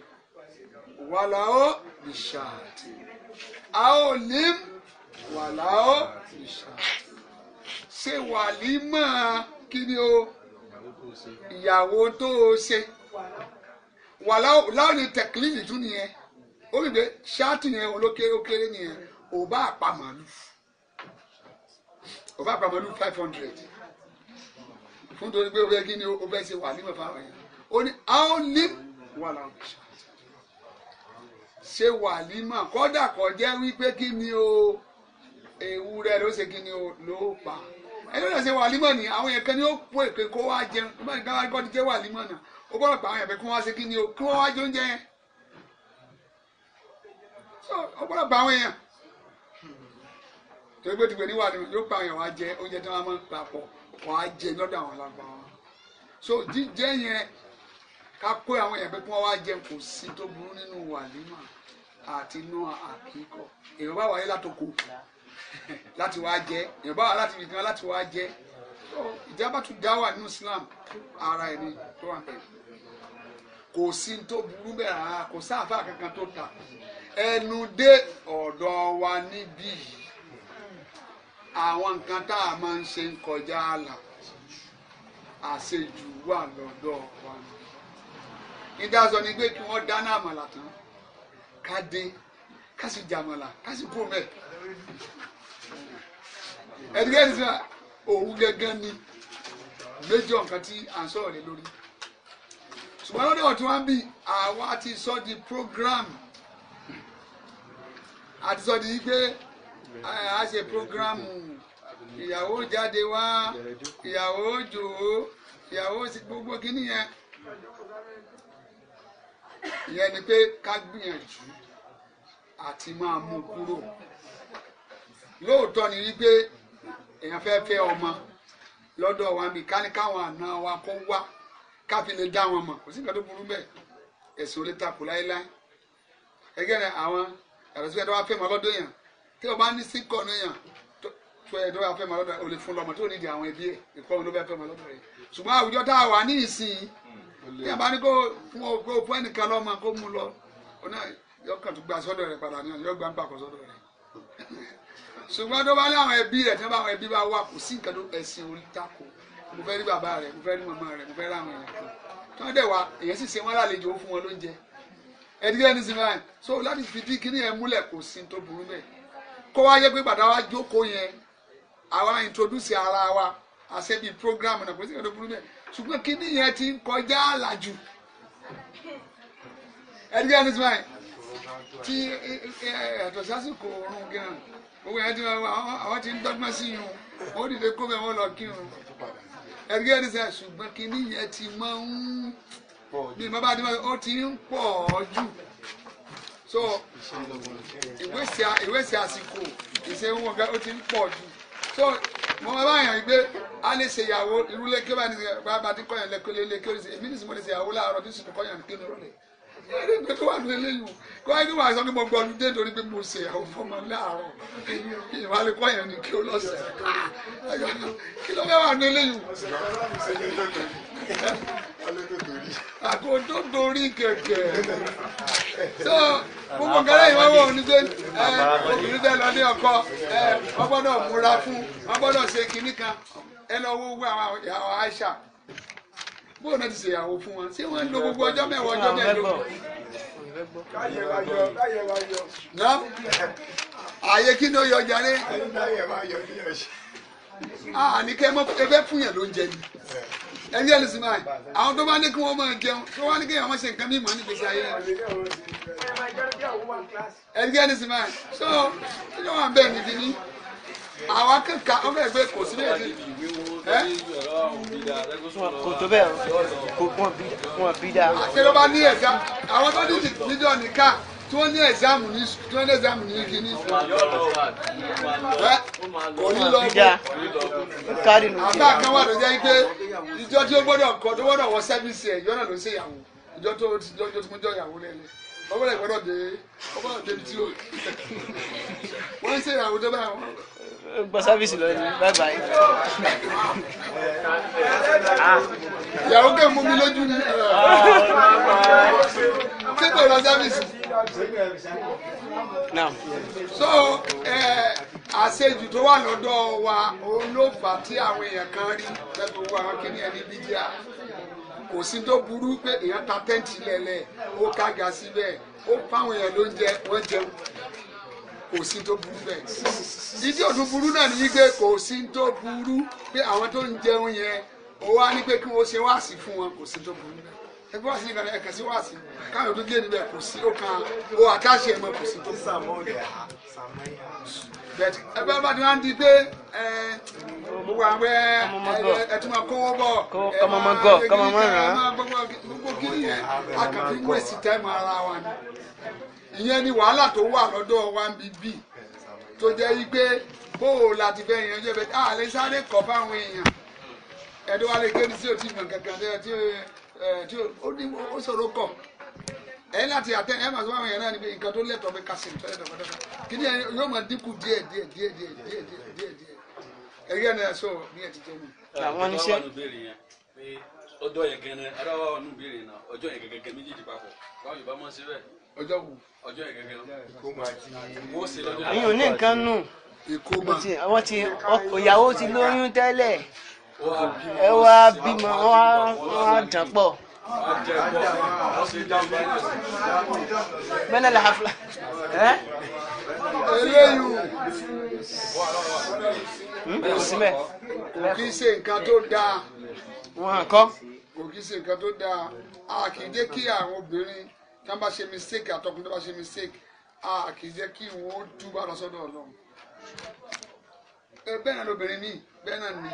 Walao bìṣàtì aolim wàláwó bìṣàtì ṣe wàlímọ̀ kí ni o ìyàwó tó o ṣe wàláwó láwọn ní tẹkílìfì tún nìyẹn ó rí pé ṣáàtì yẹn olókéré ókéré nìyẹn ò bá àpá màálù ò bá àpá màálù five hundred fún torí pé o fẹ́ kí ni o fẹ́ ṣe wàlímọ̀ fáwọn yẹn ó ní aolim wàláwó bìṣàtì ṣe wàlímà kódà kó jẹ́ wípé kí ni o ewúrẹ́ ló ṣe kí ni o ló pa ẹni ló ṣe wàlímà ni àwọn yẹn kan ni ó pò èké kó wá jẹun nígbà tí káwá gbọ́dọ̀ jẹ́ wàlímà náà ó gbọ́dọ̀ pa àwọn yẹn pé kí wọ́n ṣe kí ni o kí wọ́n wá jẹ oúnjẹ yẹn ó gbọ́dọ̀ pa àwọn yẹn torí pé tìgbẹ́ ní wàlímà yóò pa àwọn yẹn wá jẹ oúnjẹ tí wọ́n máa ń so jíjẹ yẹn ká kó àwọn yẹn pé kí wọ́n wá jẹun kò sí tó burú nínú wàlímà àti noa àkíkọ èèyàn bá wáyé látòkò láti wá jẹ èèyàn bá wá láti fi kan láti wá jẹ ìjábá tún já wà nínú Islam ara ẹni tó wà bẹ́ẹ̀ kò sí tó burú bẹ́ẹ̀ rárá kò sáfà kankan tó ta ẹnu dé ọ̀dọ̀ wa níbí àwọn nǹkan tá a máa ń ṣe ń kọjá àlà àṣejù wà lọ́dọ̀ wa. ìdásọ ni pé kí wọ́n dáná àmàlà tán ká dín ká sì jàmọ̀là ká sì kó mẹ́ ẹ̀dígẹ́ni sọ òun gẹ́gẹ́ ni méjọ nǹkan tí à ń sọ̀rọ̀ lé lórí ṣùgbọ́n lórí ọ̀tún wa ń bì àwa ti sọ di program àti sọ di pé a ṣe program ìyàwó jáde wá ìyàwó jò ó ìyàwó sí gbogbo kíní yẹn ìyẹn ni pé ká gbìyànjú àti máa mú kúrò lóòótọ́ ni wípé èèyàn fẹ́ fẹ́ ọmọ lọ́dọ̀ wa mi ká ní káwọn àna wa kó wá káfí lè dá wọn mọ̀ kò sí nǹkan tó burú bẹ́ẹ̀ ẹ̀sùn olè takò láéláé ẹgẹ́ rẹ àwọn yàtọ̀ sí ẹ̀dọ́ wa fẹ́ mọ́ lọ́dọ̀ yàn tí o bá ní sí kọ̀ọ̀nù yàn tó ẹ̀dọ́ wa fẹ́ mọ́ lọ́dọ̀ olè fún lọ́mọ tó nídìí àwọn ẹbí ẹ̀ ìkọ́ ló fẹ́ mọ́ lọ́dọ̀ rẹ̀ ṣùgbọ́n àwùjọ tá a wà ní ìsìn yìí hmm, yóò kàn tún gba sọ́dọ̀ rẹ̀ padà náà yóò gba ń bàkọ̀ sọ́dọ̀ rẹ̀ ṣùgbọ́n tó bá ní àwọn ẹbí rẹ̀ tí wọ́n bá àwọn ẹbí bá wà kò sí nǹkan tó ẹ̀sìn orí tako mo fẹ́ rí bàbá rẹ̀ mo fẹ́ rí màmá rẹ̀ mo fẹ́ rí àwọn èèyàn kan tí wọ́n dẹ̀ wá èèyàn sì ṣe wọ́n lálejò fún wọn lóúnjẹ ẹ̀dígẹ́ ní sinmi so láti fi dí kíní yẹn múlẹ̀ kò sí tó burú bẹ́ẹ̀ kó wá pé bàtà wa jókòó yẹn àwa introduce ara wa àṣẹ bíi program náà kò sí nǹkan tó burú bẹ́ẹ̀ ṣùgbọ́n kíní yẹn ti ń kọjá àlàjù ẹ̀dígẹ́ ní sinmi tí ẹ̀tọ́ sásìkò ọ̀run gan gbogbo yẹn ti àwọn ti ń dọ́gbọ́n sí yun ó dìde kó bẹ́ẹ̀ wọ́n lọ kírun ẹ̀rígẹ́ ẹ̀rí sẹ́ ṣùgbọ́n kínní yẹn ti máa ń bí bàbá àti bàbá ó ti ń pọ̀ jù so ìwéṣẹ̀ àsìkò ìṣe wọn gan ó ti ń pọ̀ jù so mo máa bá yàn gbé a lè ṣe ìyàwó irú lẹ́kẹ́ bá ti kọ́ yàn lẹ́kọ́ lẹ́kẹ́ èmi nìsí mo lè ṣe ìyàwó láàárọ̀ bí sùn kọ́ yàn kínú rọ̀lẹ́ ẹni pé tó wà ní eléyìí kó wáyé tó wà sọ pé mo gbọ́ ọdún dé torí pé mo ṣe àwọn fọmọ láàárọ̀ ìwà lè kọ́ yẹn ah! ni kí o lọ sí kí ló fẹ́ wà ní eléyìí. àkójọ dorí kẹ̀kẹ́ so gbogbo gẹ́rẹ́ ìwé wò ní pé obìnrin tẹ́ lọ ní ọkọ ọ gbọ́dọ̀ múra fún ọ gbọ́dọ̀ ṣe kinní kan ẹ lọ wo owó àwọn Aisha bóun náà ti ṣèyàwó fún wọn ṣé wọn ń lo gbogbo ọjọ́ mẹ́wàá ọjọ́ mẹ́ẹ̀ẹ́dógún. ná ààyè kí ni ó yọ jàre. a ah, ní kẹ́ ẹ fẹ́ fún yẹn ló ń jẹ ni eh. ẹni ẹ lè sinmi àyè àwọn tó bá ní kí wọ́n máa jẹun tó wá ní kí àwọn ṣe nǹkan mímọ ní gbèsè ayé ẹni ẹ lè sinmi àyè so ẹni wọn bẹ́ẹ̀ nìdí ní àwọn akẹ́kọ̀ọ́ ọmọ ẹgbẹ́ kò sí bẹ́ẹ̀ kò tó bẹ́ẹ̀ kò wọ́n bí dáa. àtẹ̀lọ́ bá ní ẹ̀dá àwọn tó ní níjọ́ nìka tí wọ́n ní ẹ̀zámù ní tí wọ́n ní ẹ̀zámù ní igi ní ìsúná. kò ní lọ bú àbá kan wà ló jẹ́ pé ìjọ tí ó gbọ́dọ̀ kọ́ tó gbọ́dọ̀ wọ sẹ́fíìsì ẹ̀ ìjọ náà ló ṣèyàwó ìjọ tó ti jọ́ ìjọ tó ń jọ ìyàwó lẹ́lẹ́ ọwọ́ rẹ̀ gbọ́dọ̀ dé ọwọ́ rẹ̀ débi tí o wọ́n ń ṣe ìràwọ̀ dé báyìí. gbọ́ sáfíìsì lọ ní bye bye. ìyàwó kẹ́ mú mi lójú ni ṣé kò lọ sáfíìsì. so àṣejù tó wà lọ́dọ̀ wa òun ló fà á tí àwọn èèyàn kan rí lẹ́gbẹ̀ẹ́ owó àwọn kìnìún ẹni bíi díà kò sí tó burú pé èèyàn ta tẹ́ǹtì lẹ́lẹ̀ ó kága síbẹ̀ ó fáwọn èèyàn ló ń jẹ wọ́n jẹun kò sí tó burú bẹ́ẹ̀. ìdí òtún burú náà ní pé kò sí tó burú pé àwọn tó ń jẹun yẹn ó wá ní pé kí wọ́n ṣe wáàsí fún wọn kò sí tó burú bẹ́ẹ̀ ẹgbẹ́ wá sí ní ìbẹ̀rẹ̀ ẹ̀kẹ́ sí wá sí káyọ̀ tó gé níbẹ̀ kò sí a kàn fi wé sí tẹ́ẹ̀mù ara wa ni ìyẹn ni wàhálà tó wà lọ́dọ̀ wa ń bí bì tó jẹ́ yí pé bóò láti fẹ́ yẹn jẹ́ bẹ́ẹ̀ àlẹ́ sáré kọ́ fáwọn èèyàn ẹ̀dọ́ wa lè gé ní sí òtí ìmọ̀ kankan tí ó yẹ. Eh, tí ó sọ̀rọ̀ kọ̀ ẹ àtẹ ẹ máa sọ yẹn náà níbi nǹkan tó bí kí ni yóò máa dínkù sọ ní ti tó mi. àwọn oníṣẹ́ ọjọ́ yẹn gẹ́gẹ́ ara wa nù ẹ wá bímọ wọn á dàn pọ̀. mẹ́nẹ̀ la hafla. eléyìí o sílẹ̀ kò kí ṣe nǹkan tó dáa. wọn kọ́. kò kí ṣe nǹkan tó dáa a kì í jẹ́ kí àwọn obìnrin tí wọ́n bá ṣe mistake àtọkùnrin tí wọ́n bá ṣe mistake a kì í jẹ́ kí wọ́n dúbà lọ́sọ́dọ̀ ọlọ́run. bẹ́ẹ̀ náà lóbìnrin ní bẹ́ẹ̀ náà ní.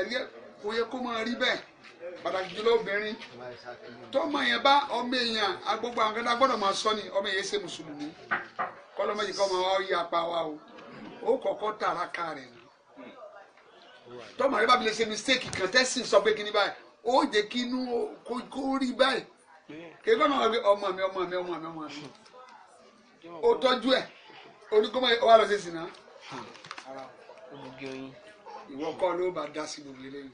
ẹgbẹ́ kò yẹ kó máa rí bẹ́ẹ̀ pàtàkì jùlọ obìnrin tọ́mọ yẹn bá ọmọ èèyàn agbogbo àwọn akẹ́kọ̀ọ́ gbọ́dọ̀ máa sọ ni ọmọ yẹn ṣe mùsùlùmí kọ́lọ́mọ́jì kọ máa wá apá wa o ó kọ́kọ́ tàràkà rẹ ni tọ́mọ yẹn bá fi lè ṣe mistake kan tẹ́sí sọ pé kíní báyìí ó kí inú kó rí báyìí máa ọmọ mi ọmọ mi ìwọ kọ́ ló bá dá sí gbogbo eléyìí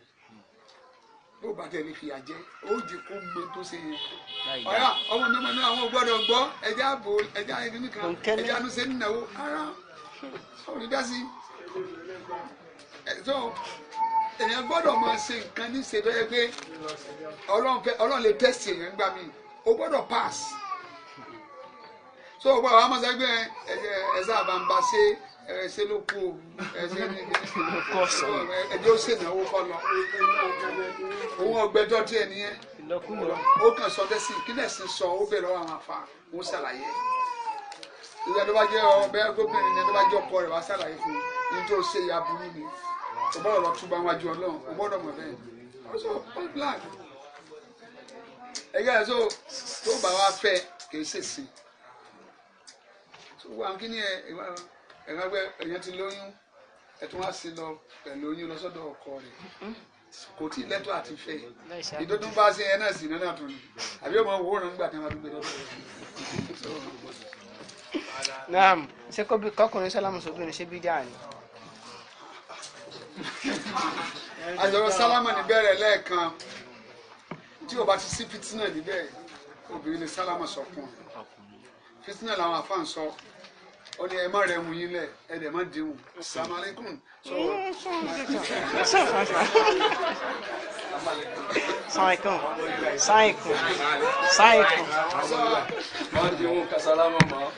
bó bá tẹ̀ ní fìyà jẹ́ ó jẹ́ kó gbé tó ṣe yẹn. ọ̀yà ọmọ mi mọ̀ ní àwọn gbọ́dọ̀ gbọ́ ẹja àbò ẹja ẹni nìkan ẹja ló ṣe nínú ara sọ̀rọ̀ dá sí. ẹ̀sọ́ èèyàn gbọ́dọ̀ máa ṣe nǹkan ní ṣe bẹ́ẹ̀ pé ọlọ́run lè tẹ̀sí èèyàn gbà mí o gbọ́dọ̀ pass. so gbọ́dọ̀ wàá mọ̀ sẹ́gbẹ́ ẹ̀ ẹ̀ sábà ń ba ṣe ẹsẹ ló kú ẹsẹ ní ẹjẹ ó sì náwó kọ lọ òun ọgbẹ dọdí ẹ nìyẹn ó kàn sọ dẹsí kí lẹsìn sọ ó bẹ̀rẹ̀ ọ̀rọ̀ àwọn afa òun ṣàlàyé ìyá tó bá jẹ ọ bẹ́ẹ̀ gómìnà ìyá tó bá jẹ ọkọ rẹ̀ wá ṣàlàyé fún un ní tó ṣe ìyá burú ni kò gbọ́dọ̀ lọ túbọ̀ àwọn àjọ Ọlọ́run kò gbọ́dọ̀ mọ̀ bẹ́ẹ̀ ọsọ all black ẹgbẹ́ ẹ̀ tó bá wa fẹ́ kì í ṣèṣin tó wà kí ni ẹ ìwà ẹ̀rọ pé ẹ̀yẹn ti lóyún ẹ̀ tún wá sí lọ pẹ̀lú oyún lọ sọ́dọ̀ ọkọ rẹ̀ mm-hmm. kò tí lẹ́tọ̀ àti fẹ́ ìdótú bá ṣe ẹ̀ náà sì náà náà tó ní àbí ọmọ owó rẹ̀ ń gbà tí wọ́n dúpẹ́ lọ́dọ̀ naam ṣé kọkùnrin sálámù sóbìnrin ṣé bídíà ni. àjọyọ̀ sálámù níbẹ̀rẹ̀ lẹ́ẹ̀kan tí o bá ti sí fitinà níbẹ̀ obìnrin ni sálámù sọkùn fitinà làwọn afáàn sọ. So ó ní ẹ má rẹ mu yín lẹ ẹ dẹ má dìhun sàmàlẹkùn so. sàmàlẹkùn sàmàlẹkùn sàmàlẹkùn. má dìhun kasala mọ mọ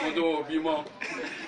kó tó bí mọ.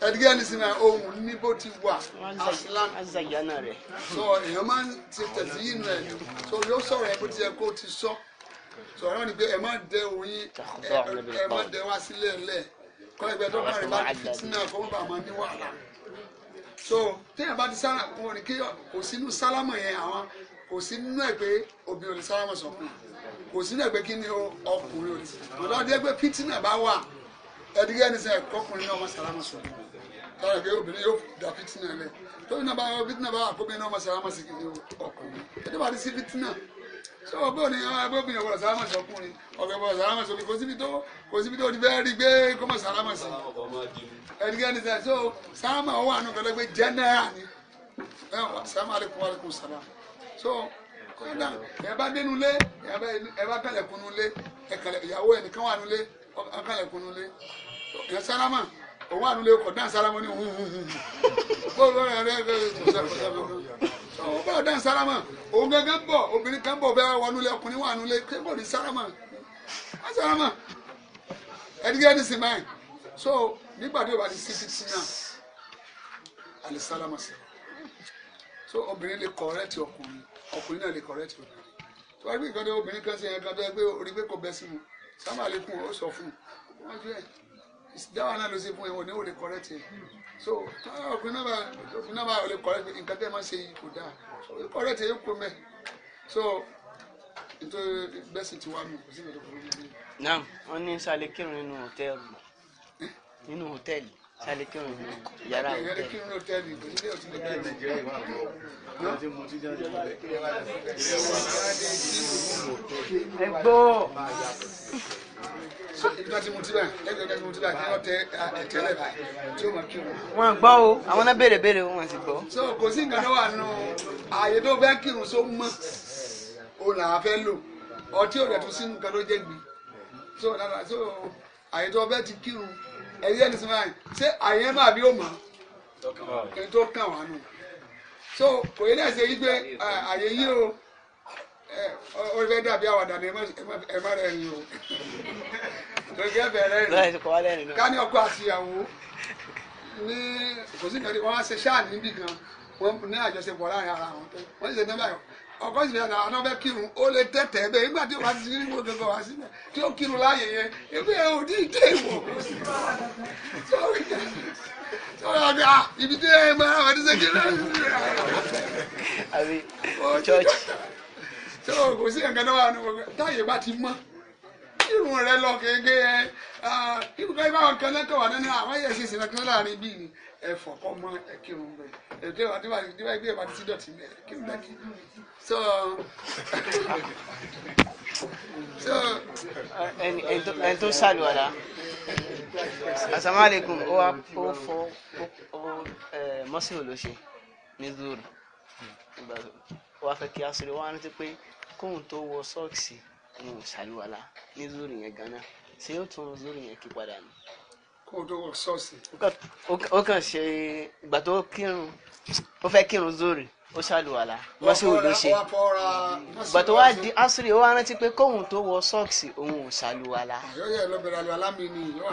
ẹdígẹ́ ní sinmi ohun níbo ti wà asilam so èèyàn máa ń ti tẹ̀sí yìí nù ẹ̀ so yóò sọ̀rọ̀ ẹ̀ bó ti yẹ kó ti sọ sọ̀rọ̀ ni pé ẹ má dẹ oyin ẹ má dẹ wá sílẹ̀ lẹ̀ kọ́ ẹgbẹ́ tó bá rẹ̀ bá fìtínà kó bá máa ní wàhálà so téèyàn bá ti sára wọn ni kí kò sínú sálámà yẹn àwọn kò sí nínú ẹ pé obìnrin ò lè sálámà sọkùnrin kò sí nínú ẹ pé kí ni ọkùnrin ò ti mọ̀tọ́ ẹgbẹ́ fìtínà bá wà ẹdígẹ́ ẹni sẹ́yìn kọkùnrin náà wọ́n sálámà sọkùnrin kára pé obìnrin yóò da fitina lẹ tóbi náà bá yọ fitina bá àkóbìnrin náà mọ̀sára mọ̀ sí ọkùnrin ẹni bá ti sí fitina ṣé ọgbẹ́ òní ẹgbẹ́ obìnrin ọ̀gbọ́dọ̀ sára mọ̀ sí ọkùnrin ọ̀gbẹ́ ọ̀gbọ́dọ̀ sára mọ̀ sí ọkùnrin kò síbi tó kò síbi tó ti fẹ́ rí gbé kó mọ̀ sára mọ̀ sí ẹnikẹ́ni sẹ́ so sára mọ̀ wà nù pẹ̀lú pé jẹ́nẹ́rà ni sára mọ̀ alẹ́kùn alẹ́kùn sára so kọ́ńdà ẹ bá dénú lé ẹ bá kàlẹ̀kùn nulé ìyàwó ẹnìkan wà nulé ọkàlẹ̀kùn nulé ẹ sára mọ̀ òun àánú lè kọ̀ dáhùn sálámọ́ ní hun hun hun bóòlù rẹ̀ rẹ̀ rẹ̀ òun bá dáhùn sálámọ́ òun gángan bọ̀ obìnrin kan bọ̀ bẹ́ẹ̀ wọnú lé ọkùnrin wà nú lé kébò ní sálámọ́ wọ́n sálámọ́ ẹ̀dígẹ́ ní so nígbà tí o bá ti sí títí náà alẹ́ sálámọ́ sí so obìnrin lè kọ̀rẹ́tì ọkùnrin ọkùnrin náà lè kọ̀rẹ́tì obìnrin tó wá gbé ìkànnì obìnrin kan sí ẹ̀ka tó yẹ pé orí pé kò bẹ́ sí mu sábà lè kún ó sọ fún un wọ́n ju ẹ̀ dáwà náà ló ṣe fún ẹ̀wọ̀n ní òòlè correct so táwọn òfin náà bá òfin náà bá òòlè correct nǹkan tẹ́ ẹ máa ṣe yìí kò dáa òòlè correct yẹn kò mẹ́ so nítorí bẹ́sì ti wá mi kò sí ìgbà tó kọ́ mi. naam wọn ní sálẹ kírun nínú hòtẹ́ẹ̀lì nínú hòtẹ́ẹ̀lì sálẹ̀ kírun ní yàrá gbọ́. o àwọn náà béèrè béèrè wọ́n sì gbọ́. so kò sí nǹkan tó wà nù ààyè tó fẹ́ kírun só mọ́ o là á fẹ́ lò ọtí ò rẹ̀ tún sí nǹkan tó jẹ́ gbin so ààyè tó fẹ́ ti kírun ẹ̀yí ẹni sọ báyìí ṣé àyẹ̀ máa bí ó mọ̀ ẹni tó kàn wá nù so kò yẹ dẹ́ ṣe yí pé àyè yí o ó fẹ́ dàbí àwàdà ni ẹ má rẹ̀ yín o lójú ẹ bẹ̀rẹ̀ rìn ká ní ọkọ àti ìyàwó ní kò sí ìkànnì wọn á ṣe ṣáà níbì gan wọn ní àjọṣepọ̀ láàrin ara wọn wọ́n sì ṣe nọ́mbà yọ ọkọ sì fẹ́ àwọn ọbẹ̀ kírun ó lè tẹ̀tẹ̀ ẹ̀ bẹ́ẹ̀ nígbà tí o bá ti rí gbogbo ọkọ̀ wá síbẹ̀ tí ó kírun láàyè yẹn ebi ẹ̀ ò ní ìdè ìwọ̀ sọ̀rọ̀ ọ̀gá ibi tí ẹ máa wà ní sẹ́kìrì àbí chọ́ọ̀chì. tó o kò sí ẹ̀ǹkan náà wà ní gbogbo táyé bá ti mọ́ irun rẹ lọ kéke ẹ ibùdó ibà wọn kan lẹ́kọ̀ọ́ wà nínú àwọn ẹ̀yẹ ṣèṣe lọ́kàn láàrin bíi ni ẹ̀fọ́ kọ́ mọ́ ẹ̀kírun bẹ́ẹ̀ ètò ìwà tí wàá gbé ìwà tí dọ̀tí bẹ́ẹ̀ kírun bẹ́ẹ̀ kírun so so. ẹni tó ṣàlùwàlà asalaamualeykum ó wá ó fọ ó O ló ṣe ní zoro ìgbà o wá fẹ́ kí aṣọ wa rántí pé kóun tó wọ sọ́ọ̀sì ni ò ṣàlùwàlà ní zoro yẹn ganan ṣé yóò tún zoro yẹn kí padà ni kó tó wọ sọ́ọ̀sì. ó kàn ṣe ìgbà tó kírun ó fẹ́ kírun zoro ó ṣàlùwàlà mọ́síwò ló ṣe bàtọ́ wá di asiri ó wá rántí pé kóhun tó wọ sọ́ọ̀sì òun ò ṣàlùwàlà.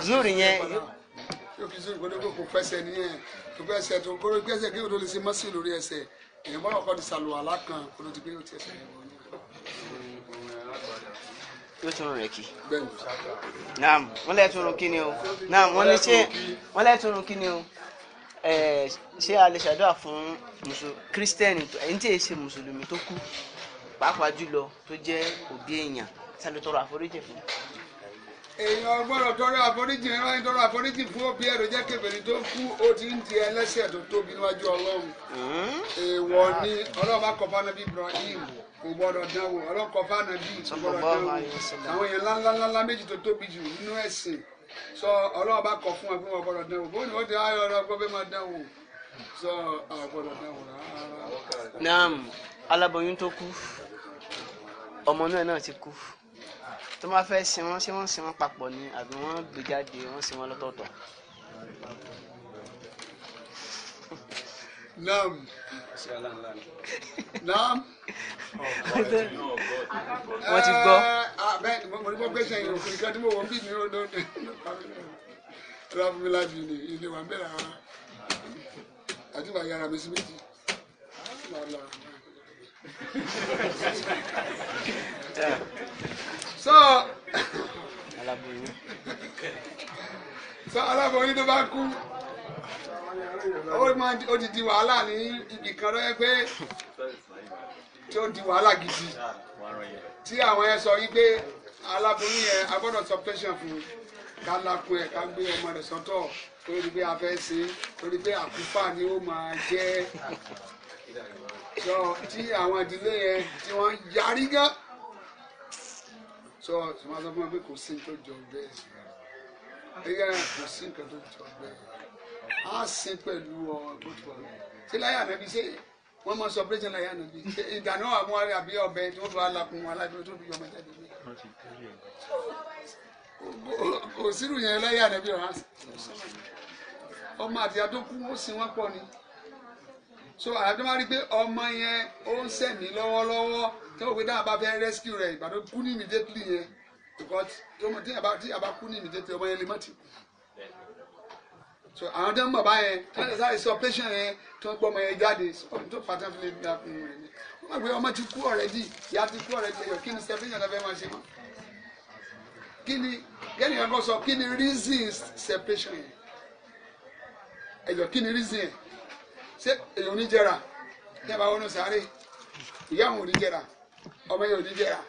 zuri yẹn yóò fi zuri gbọdọ kó pẹsẹ nìyẹn tó pẹsẹ tó kóró pẹsẹ kí o tó lè ṣe mọ́sí lórí ẹsẹ̀ èyí bá ọkọ di ṣàlùwàlà kan kó ló ti gbé yóò ti ẹsẹ̀ yẹn wọ ní. yóò tún rẹ kí. naam wọ́n lẹ́ẹ̀ tún rún kí ni o naam wọ́n lẹ́ẹ̀ tún rún kí ni o ṣé a lè ṣàdúrà fún kírísítẹ́nì ẹni tí èyí ṣe mùsùlùmí tó kú pàápàá jùlọ tó jẹ́ òbí èèyàn ṣá lè tọrọ àforíjì fún. èèyàn gbọ́dọ̀ tọrọ àforíjì rẹ̀ wáyé tọrọ àforíjì fún òbí ẹ̀rọ jẹ́ kébèrè tó kú ó ti ń di ẹlẹ́ṣẹ̀ tó tóbi níwájú ọlọ́run hmm? èèwọ̀ ni ọlọ́run bá kọ́ Ibrahim kò gbọ́dọ̀ dánwò ọlọ́kọ̀ fún kò gbọ́dọ̀ dánwò àwọn èèyàn ńláńláńlá méjì tó tóbi jù nínú ẹ̀sìn sọ ọlọ́wọ́ bá kọ fún wa pé wọ́n gbọ́dọ̀ dánwò bó ni wọ́n ti ayọ̀ ọ̀rọ̀ pé máa dánwò sọ àwọn gbọ́dọ̀ dánwò rárá. naam aláboyún tó kú ọmọ náà náà ti kú tó máa fẹ́ sin wọ́n ṣé wọ́n sin wọ́n papọ̀ ni àbí wọ́n gbé jáde wọ́n sin wọ́n lọ́tọ̀ọ̀tọ̀. Naam. Naam. Wọ́n ti gbọ́. Bẹ́ẹ̀ni mo ní kó gbèsè yìí òkú nìkan tí mo wọ́n bí ní ọdún ọdún lọ́wọ́ fún mi láti ilé ilé wa ń bẹ̀rẹ̀ ara àti wà yàrá mi sí méjì. So so aláboyún tó bá kú ó máa ó ti di wàhálà ní ibì kan lọ́yẹ́ pé tí ó di wàhálà gidi tí àwọn yẹn sọ yí pé aláboyún yẹn a gbọ́dọ̀ sọ patient fún ká lakun ẹ̀ ká gbé ọmọ rẹ̀ sọ́tọ̀ torí pé a fẹ́ ṣe torí pé àkúfà ni ó máa jẹ́ sọ tí àwọn ìdílé yẹn tí wọ́n yarí gán sọ sọ ma sọ fún mi pé kò sí nǹkan tó jọ bẹ́ẹ̀ kò sí nǹkan tó jọ bẹ́ẹ̀ á sin pẹ̀lú ọ gbogbo ọ̀rọ̀ ṣé láyé ànábi ṣe wọ́n mọ sọpẹ́sẹ̀ láyé ànábi ṣe ìdáná àwọn ará àbí ọbẹ̀ tó tó alakun aládùn tó fi yọmọ jáde ní. òsínú yẹn láyé ànábi ọ̀rọ̀ ọmọ àti adókú ó sin wọn pọ̀ ni so àdó máa rí i pé ọmọ yẹn ó ń sẹ̀mí lọ́wọ́lọ́wọ́ tó o pé dáhà bá fẹ́ rescue rẹ̀ ìbàdàn kú ní immediately yẹn because tó mọ̀ tí yàrá kú ní immediately ọmọ yẹn lè mọ̀ tì kú so àwọn tó ń bọ̀ báyẹn tán lè sáré sí operation yẹn tó ń gbọ́ ọmọ yẹn jáde tó pàtàkì fi lè gba fún un rẹ̀ ni wọ́n gbé ọmọ ti kú already ìyá ti kú already ẹ̀yọ̀ kí ni separation náà fẹ́ máa ṣe wọ́n kí ni kẹ́ni kan kọ́ sọ kí ni reason separation yẹn ẹ̀yọ̀ kí ni reason yẹn ṣé èyàn ò ní jẹrà tẹ́ bá wọnú sáré ìyá òun ò ní jẹrà ọmọ yẹn ò ní jẹrà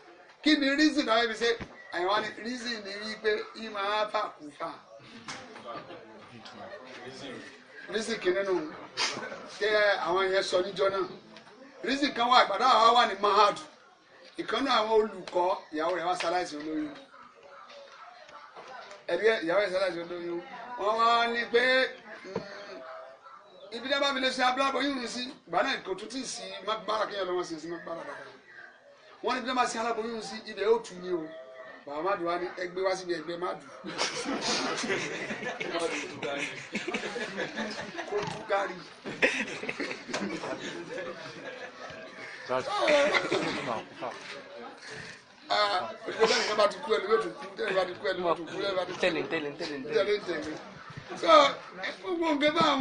kí ni reason náà fẹ́ fi ṣe àyẹ̀wò reason ni wípé ìmọ̀ á fà kù fà rísìkì nínú tẹ àwọn yẹn sọ níjọ náà rísìkì kan wà àgbàdo àwọn wà ní mahad ìkànnì àwọn olùkọ́ ìyàwó rẹ̀ wá sáláìsì olóyún ẹbí ìyàwó rẹ̀ sáláìsì olóyún wọ́n wá ní pé hmm, ibi dábàá fi lè ṣe abúlábọ̀ yìí rìn sí ìgbà náà kò tún tí ì sí mágbára kéèyàn lọ́wọ́ sí mágbára bàbá wọn ní ibi dábàá ṣe aláboyún sí ibẹ̀ yóò tún ní o bàbá madu wa ni ẹgbẹ́ wá síbi ẹgbẹ́ madu kó tú kárí. Ah. Ah, olùkọ́ bẹ́ẹ̀ nìkan bá ti kú ẹ̀ lóyún òtún kú tẹ́lẹ̀ bá ti kú ẹ̀ lóyún òtún kú tẹ́lẹ̀ bá ti kú tẹ́lẹ̀ tẹ́lẹ̀ tẹ́lẹ̀ tẹ́lẹ̀ tẹ́lẹ̀ so gbogbo nǹkan bá ń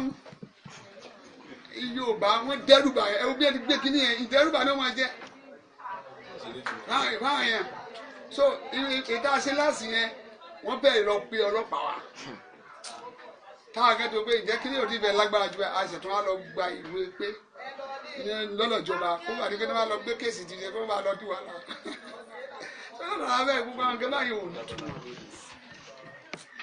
Yorùbá wọn dẹ́rùbà ẹ wo bí ẹ ti gbé kínní yẹn ìdẹ́rùbà náà wọn jẹ báwọn yẹn so ìdásí láti yẹn wọ́n bẹ̀rẹ̀ lọ pé ọlọ́pàá wa táwọn akẹ́tọ̀ pé ìjẹ́ kí ni òdi bẹ̀ lágbára ju àṣẹ tó wá lọ gba ìwé pé lọ́lọ́jọba kó wà ní kí wọ́n lọ gbé kéèsì ti ṣe kó wà lọ dùn wà lọ. sọ́dọ̀ abẹ́ gbogbo àwọn kẹ́lá yìí wò lọ́tún.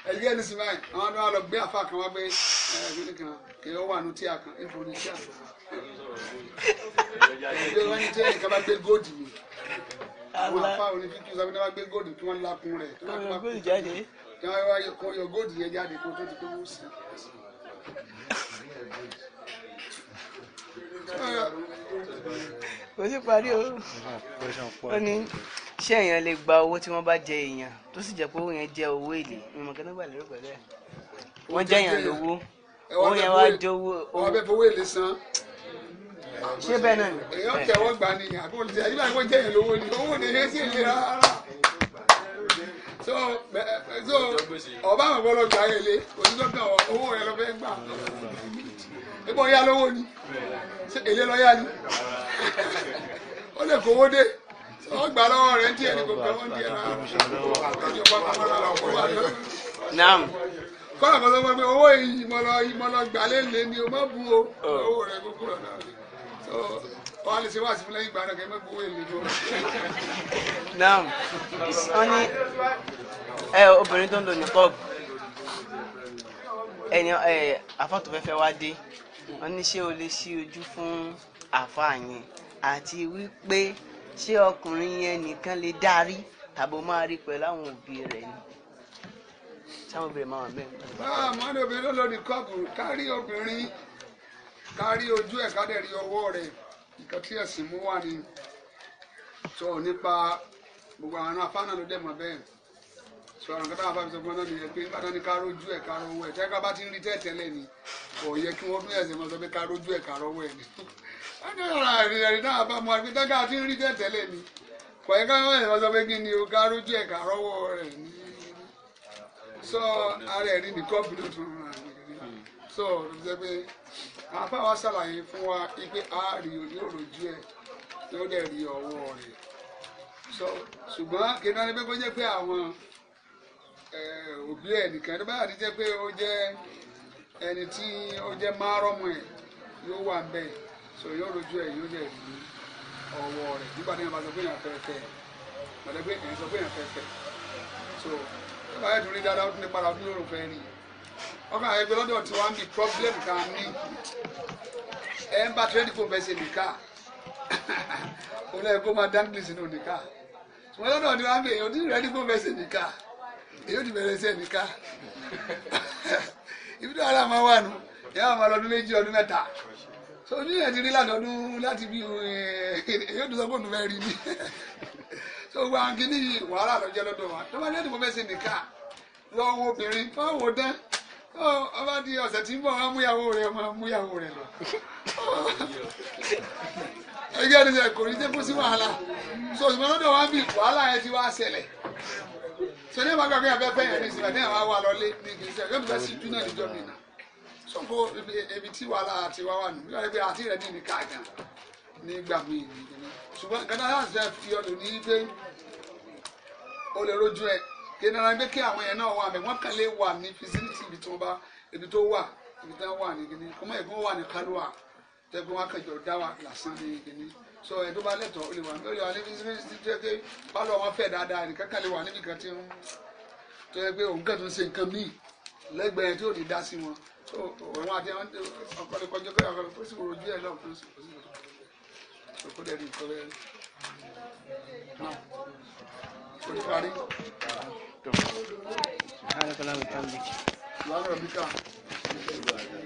ẹ̀yí ẹni sì báyìí àwọn ọ̀dọ́ wa lọ gbé àfa kan wá gbé ẹ̀ẹ́dínlẹ́ kan kì í wà nù tí kan èèfò ní tí a tí ẹ̀ka bá àwọn afá oní kíkí sábẹ́ náà wá gbé góòdù kí wọ́n lakun rẹ̀ kí wọ́n kó jáde kí wọ́n wá kó yọ góòdù yẹn jáde kó tó ti pé wọ́n sì. kò sí parí o ó ní ṣé èèyàn lè gba owó tí wọ́n bá jẹ èèyàn tó sì jẹ́ pé owó yẹn jẹ́ owó èlé ìmọ̀ kan tó gbà lérò pẹ̀lú ẹ̀ wọ́n jẹ́ èèyàn lówó owó yẹn wá jẹ́ owó. ọbẹ̀ fowó èlé san. ṣé bẹ́ẹ̀ náà ni. èèyàn tẹ̀wọ́ gbà ni àbúrò ti àyíká ìwé jẹ́ èèyàn lówó ni owó ni sì ń lè rárá. so so ọba àwọn ọlọgbà yẹn lé owó lọ fẹ́ gbà. ya lówó ni lọ ya ni ó lè kówó dé lọ́wọ́ rẹ̀ ń tiẹ̀ ní lọ́wọ́ wà lọ́wọ́. naam kọ́lá owó ìmọ̀lọ́ ìmọ̀lọ́ ni o má bu o owó rẹ̀ kúkúrọ̀ náà. ọ it's only. wá sí fún lẹ́yìn ìgbà náà kẹ mẹ gbowó èlé lọ. naam wọn ní ẹ obìnrin tó ń lò ní club ẹni ẹ eh, àfọ̀tò fẹ́fẹ́ wá dé wọn ní ṣé o lè ṣí ojú fún àfáà yẹn àti wípé ṣé ọkùnrin yẹn nìkan lè dárí tàbí o máa rí pẹ̀lú àwọn òbí rẹ̀ ni táwọn obìnrin máa wà bẹ́ẹ̀. báà ah, mọ́ni obìnrin ló lò ní kọ́ọ̀pù kárí obìnrin kárí ojú ẹ̀ ká dẹ̀ rí ọwọ́ rẹ̀ nǹkan tí ẹ̀sìn mú wá ni sọ nípa gbogbo àwọn afáànà ló dẹ̀ mọ̀ bẹ́ẹ̀ sọ àwọn kẹta àbá mi sọ fún ọ náà nìyẹn pé bàtà ni kárí ojú ẹ̀ ká rọwọ́ ẹ̀ tẹ́ka bá ti ń rí tẹ́tẹ́lẹ̀ ni kò yẹ kí wọ́n fún ẹ̀sìn mọ́ sọ pé kárí ojú ẹ̀ ká rọwọ́ ẹ̀ ni ẹni ọ̀rọ̀ ẹ̀rì náà bá mu àgbé tẹ́ka ti ń rí tẹ́tẹ́lẹ̀ ni kò yẹ káwọn ẹ̀sìn mọ́ sọ pé kí ni o kárí ojú ẹ̀ ká rọwọ́ rẹ̀ ni sọ ara ẹ̀rí nìkan bìlọ̀ tó ń ra so ló fi jẹ́ pé àwọn afáwa ṣàlàyé fún wa pé a rí yóò rojú ẹ̀ yóò dẹ̀ rí ọwọ́ rẹ̀ so ṣùgbọ́n kí náà ni pé kó jẹ́ pé àwọn òbí ẹ̀ nìkan tó bá yà ti jẹ́ pé ó jẹ́ ẹni tí ó jẹ́ márọ́mù ẹ̀ yóò wà ń bẹ̀ so yóò rojú ẹ̀ yóò dẹ̀ rí ọwọ́ rẹ̀ nígbà tí wọ́n bá sọ pé èèyàn fẹ́fẹ́ pàdé pé èèyàn sọ pé èèyàn fẹ́fẹ́ so tó bá yẹ tó rí dáadáa ó tún lè padà ó tún lè rò fẹ́ rí i ọkàn ẹgbẹ́ lọ́dọ̀ tí wọ́n á mi problem kan mi ẹ̀ ń bá twenty four bẹ́ẹ̀ ṣe nìka òun náà kó máa dáńgìlì sínú nìka wọ́n lọ́dọ̀ tí wọ́n á mi èèyàn tí twenty four bẹ́ẹ̀ ṣe nìka èèyàn ti bẹ̀rẹ̀ ṣe nìka ibi tó ara máa wà nù ìyá àwọn ọlọ́dún méjì ọdún mẹ́ta so onílẹ̀ ti rí ládọ́dún láti bí èèyàn eh, tó sọ pé òun fẹ́ rí ni so gba àwọn kìíní yìí wàhálà lọ́jọ́ lọ́dọ̀ wa tó bá dé tí mo fẹ́ ṣe nìka lọ́wọ́ obìnrin fáwọn dán. Oh, ọba di ọ̀sẹ̀ tí ń bọ̀ wá múyàwó rẹ̀ ọmọ múyàwó rẹ̀ lọ. Oh. ẹgbẹ́ ẹni sẹ́ kò ní dé kó sí wàhálà so ìmọ̀ lọ́dọ̀ wá bì wàhálà yẹn ti wá ṣẹlẹ̀ so ní ìbágbà pé àbẹ́ fẹ́ yẹn ní ìsìnkà ní àwọn awà lọlé ní ìgbésẹ̀ yóò bẹ̀rẹ̀ sí júnà níjọ́ mi nà so kó ebi tí wàhálà àti wá wà nù bí wàá rí pé àti rẹ̀ ní ìní káàkà ní ìgbà mi ìní ṣùgbọ́n gánà láti fi ọdún ní pé o lè rojú ẹ̀ yẹn nana gbé kí àwọn yẹn náà wà mẹ wọn kàn lè wà ní fisiliti ibi tí wọn bá ibi tó wà ibi tí wọn wà ní gini ọmọ ẹgbẹ wọn wà ní kálíwà tẹgbẹ wọn kàn jọ dá wà lásán ní gini so ẹdun bá lẹtọ ó lè wà lórí àwọn fisiliti tó yẹ pé pálọ wọn fẹ dáadáa nìkan kàn lè wà níbi kan tí ń tó yẹ pé òun kàn tó ń ṣe nǹkan míì lẹgbẹẹ tí ò ní dá sí wọn so òun àti ọkọlẹkọjọ kọlẹkọlẹ fún sí òrojú ẹ lọ fún sí òrojú ẹ lọ سبحانك اللهم وبحمدك